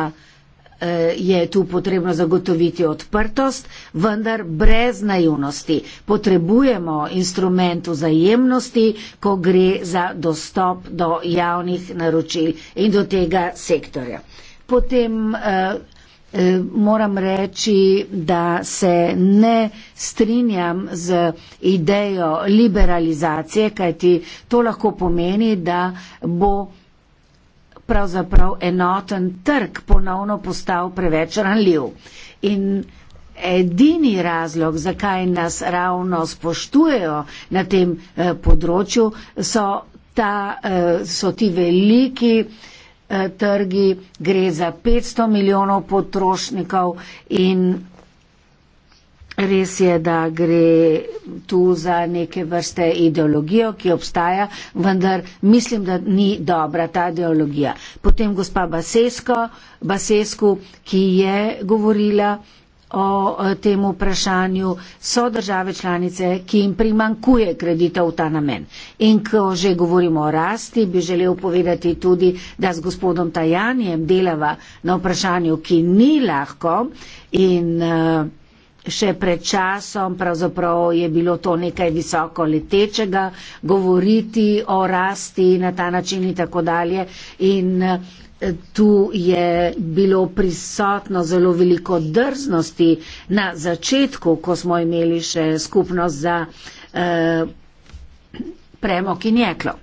je tu potrebno zagotoviti odprtost, vendar brez naivnosti. Potrebujemo instrument vzajemnosti, ko gre za dostop do javnih naročil in do tega sektorja. Potem eh, eh, moram reči, da se ne strinjam z idejo liberalizacije, kajti to lahko pomeni, da bo pravzaprav enoten trg ponovno postal preveč ranljiv. In edini razlog, zakaj nas ravno spoštujejo na tem eh, področju, so, ta, eh, so ti veliki eh, trgi, gre za 500 milijonov potrošnikov in Res je, da gre tu za neke vrste ideologijo, ki obstaja, vendar mislim, da ni dobra ta ideologija. Potem gospa Basesko, Basesku, ki je govorila o eh, tem vprašanju, so države članice, ki jim primankuje kredita v ta namen. In ko že govorimo o rasti, bi želel povedati tudi, da s gospodom Tajanjem delava na vprašanju, ki ni lahko in uh, še pred časom pravzaprav je bilo to nekaj visoko letečega, govoriti o rasti na ta način in tako dalje. In eh, tu je bilo prisotno zelo veliko drznosti na začetku, ko smo imeli še skupnost za eh, premok in jeklo.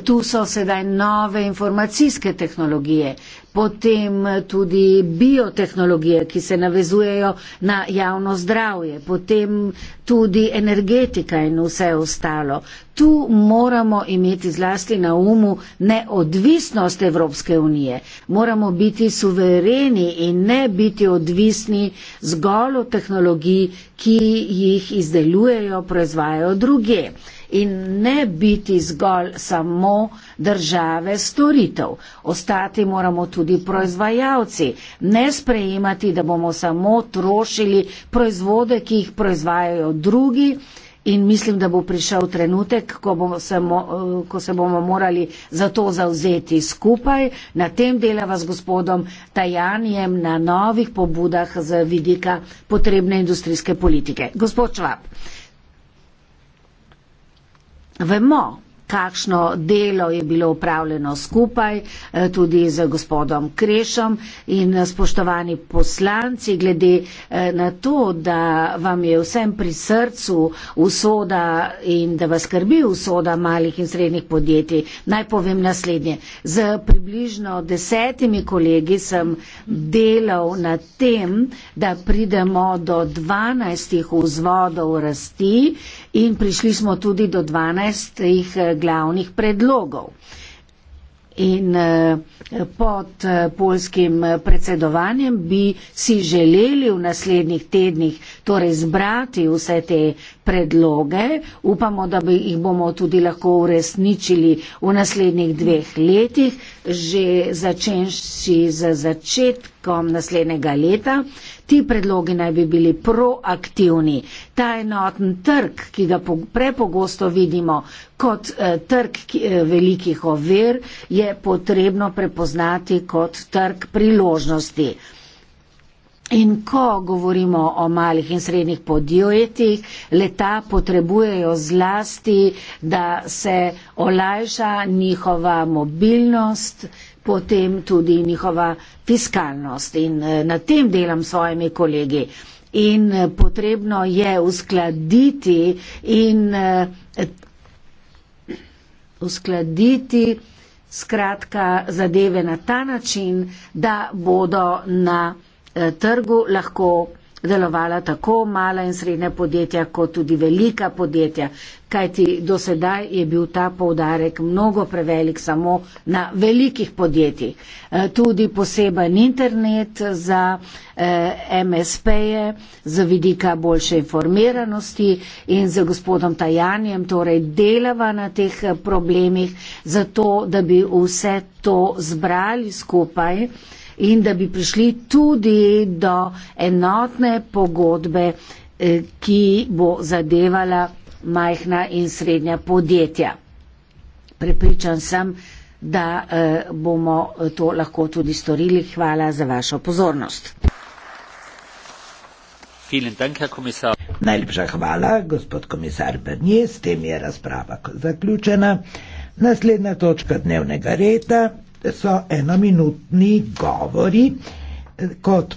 Tu so sedaj nove informacijske tehnologije, potem tudi biotehnologije, ki se navezujejo na javno zdravje, potem tudi energetika in vse ostalo. Tu moramo imeti zlasti na umu neodvisnost Evropske unije. Moramo biti suvereni in ne biti odvisni zgolj od tehnologij, ki jih izdelujejo, proizvajajo druge in ne biti zgolj samo države storitev. Ostati moramo tudi proizvajalci, ne sprejemati, da bomo samo trošili proizvode, ki jih proizvajajo drugi. In mislim, da bo prišel trenutek, ko, bo se mo, eh, ko se bomo morali za to zauzeti skupaj. Na tem delava s gospodom Tajanjem na novih pobudah z vidika potrebne industrijske politike. Gospod Čvap, vemo, kakšno delo je bilo upravljeno skupaj, eh, tudi z gospodom Krešom in eh, spoštovani poslanci, glede eh, na to, da vam je vsem pri srcu usoda in da vas skrbi usoda malih in srednjih podjetij, naj povem naslednje. Z približno desetimi kolegi sem delal na tem, da pridemo do dvanajstih vzvodov rasti, in prišli smo tudi do 12 eh, glavnih predlogov. In eh, pod eh, polskim predsedovanjem bi si želeli v naslednjih tednih torej zbrati vse te predloge. Upamo, da bi jih bomo tudi lahko uresničili v naslednjih dveh letih, že začenši z začetkom naslednjega leta. Ti predlogi naj bi bili proaktivni. Ta enoten trg, ki ga prepogosto vidimo kot eh, trg ki, eh, velikih ovir, je potrebno prepoznati kot trg priložnosti. In ko govorimo o malih in srednjih podjetjih, leta potrebujejo zlasti, da se olajša njihova mobilnost, potem tudi njihova fiskalnost in eh, na tem delam s svojimi kolegi. In eh, potrebno je uskladiti in eh, uskladiti skratka zadeve na ta način, da bodo na trgu lahko delovala tako mala in srednja podjetja, kot tudi velika podjetja, kajti do sedaj je bil ta poudarek mnogo prevelik samo na velikih podjetjih. E, tudi poseben internet za e, MSP-je z vidika boljše informiranosti in z gospodom Tajanjem, torej delava na teh e, problemih, zato da bi vse to zbrali skupaj in da bi prišli tudi do enotne pogodbe, eh, ki bo zadevala majhna in srednja podjetja. Prepričan sem, da eh, bomo to lahko tudi storili. Hvala za vašo pozornost. Dank, Najlepša hvala, gospod komisar Bernier. S tem je razprava zaključena. Naslednja točka dnevnega reda so enominutni govori eh, kot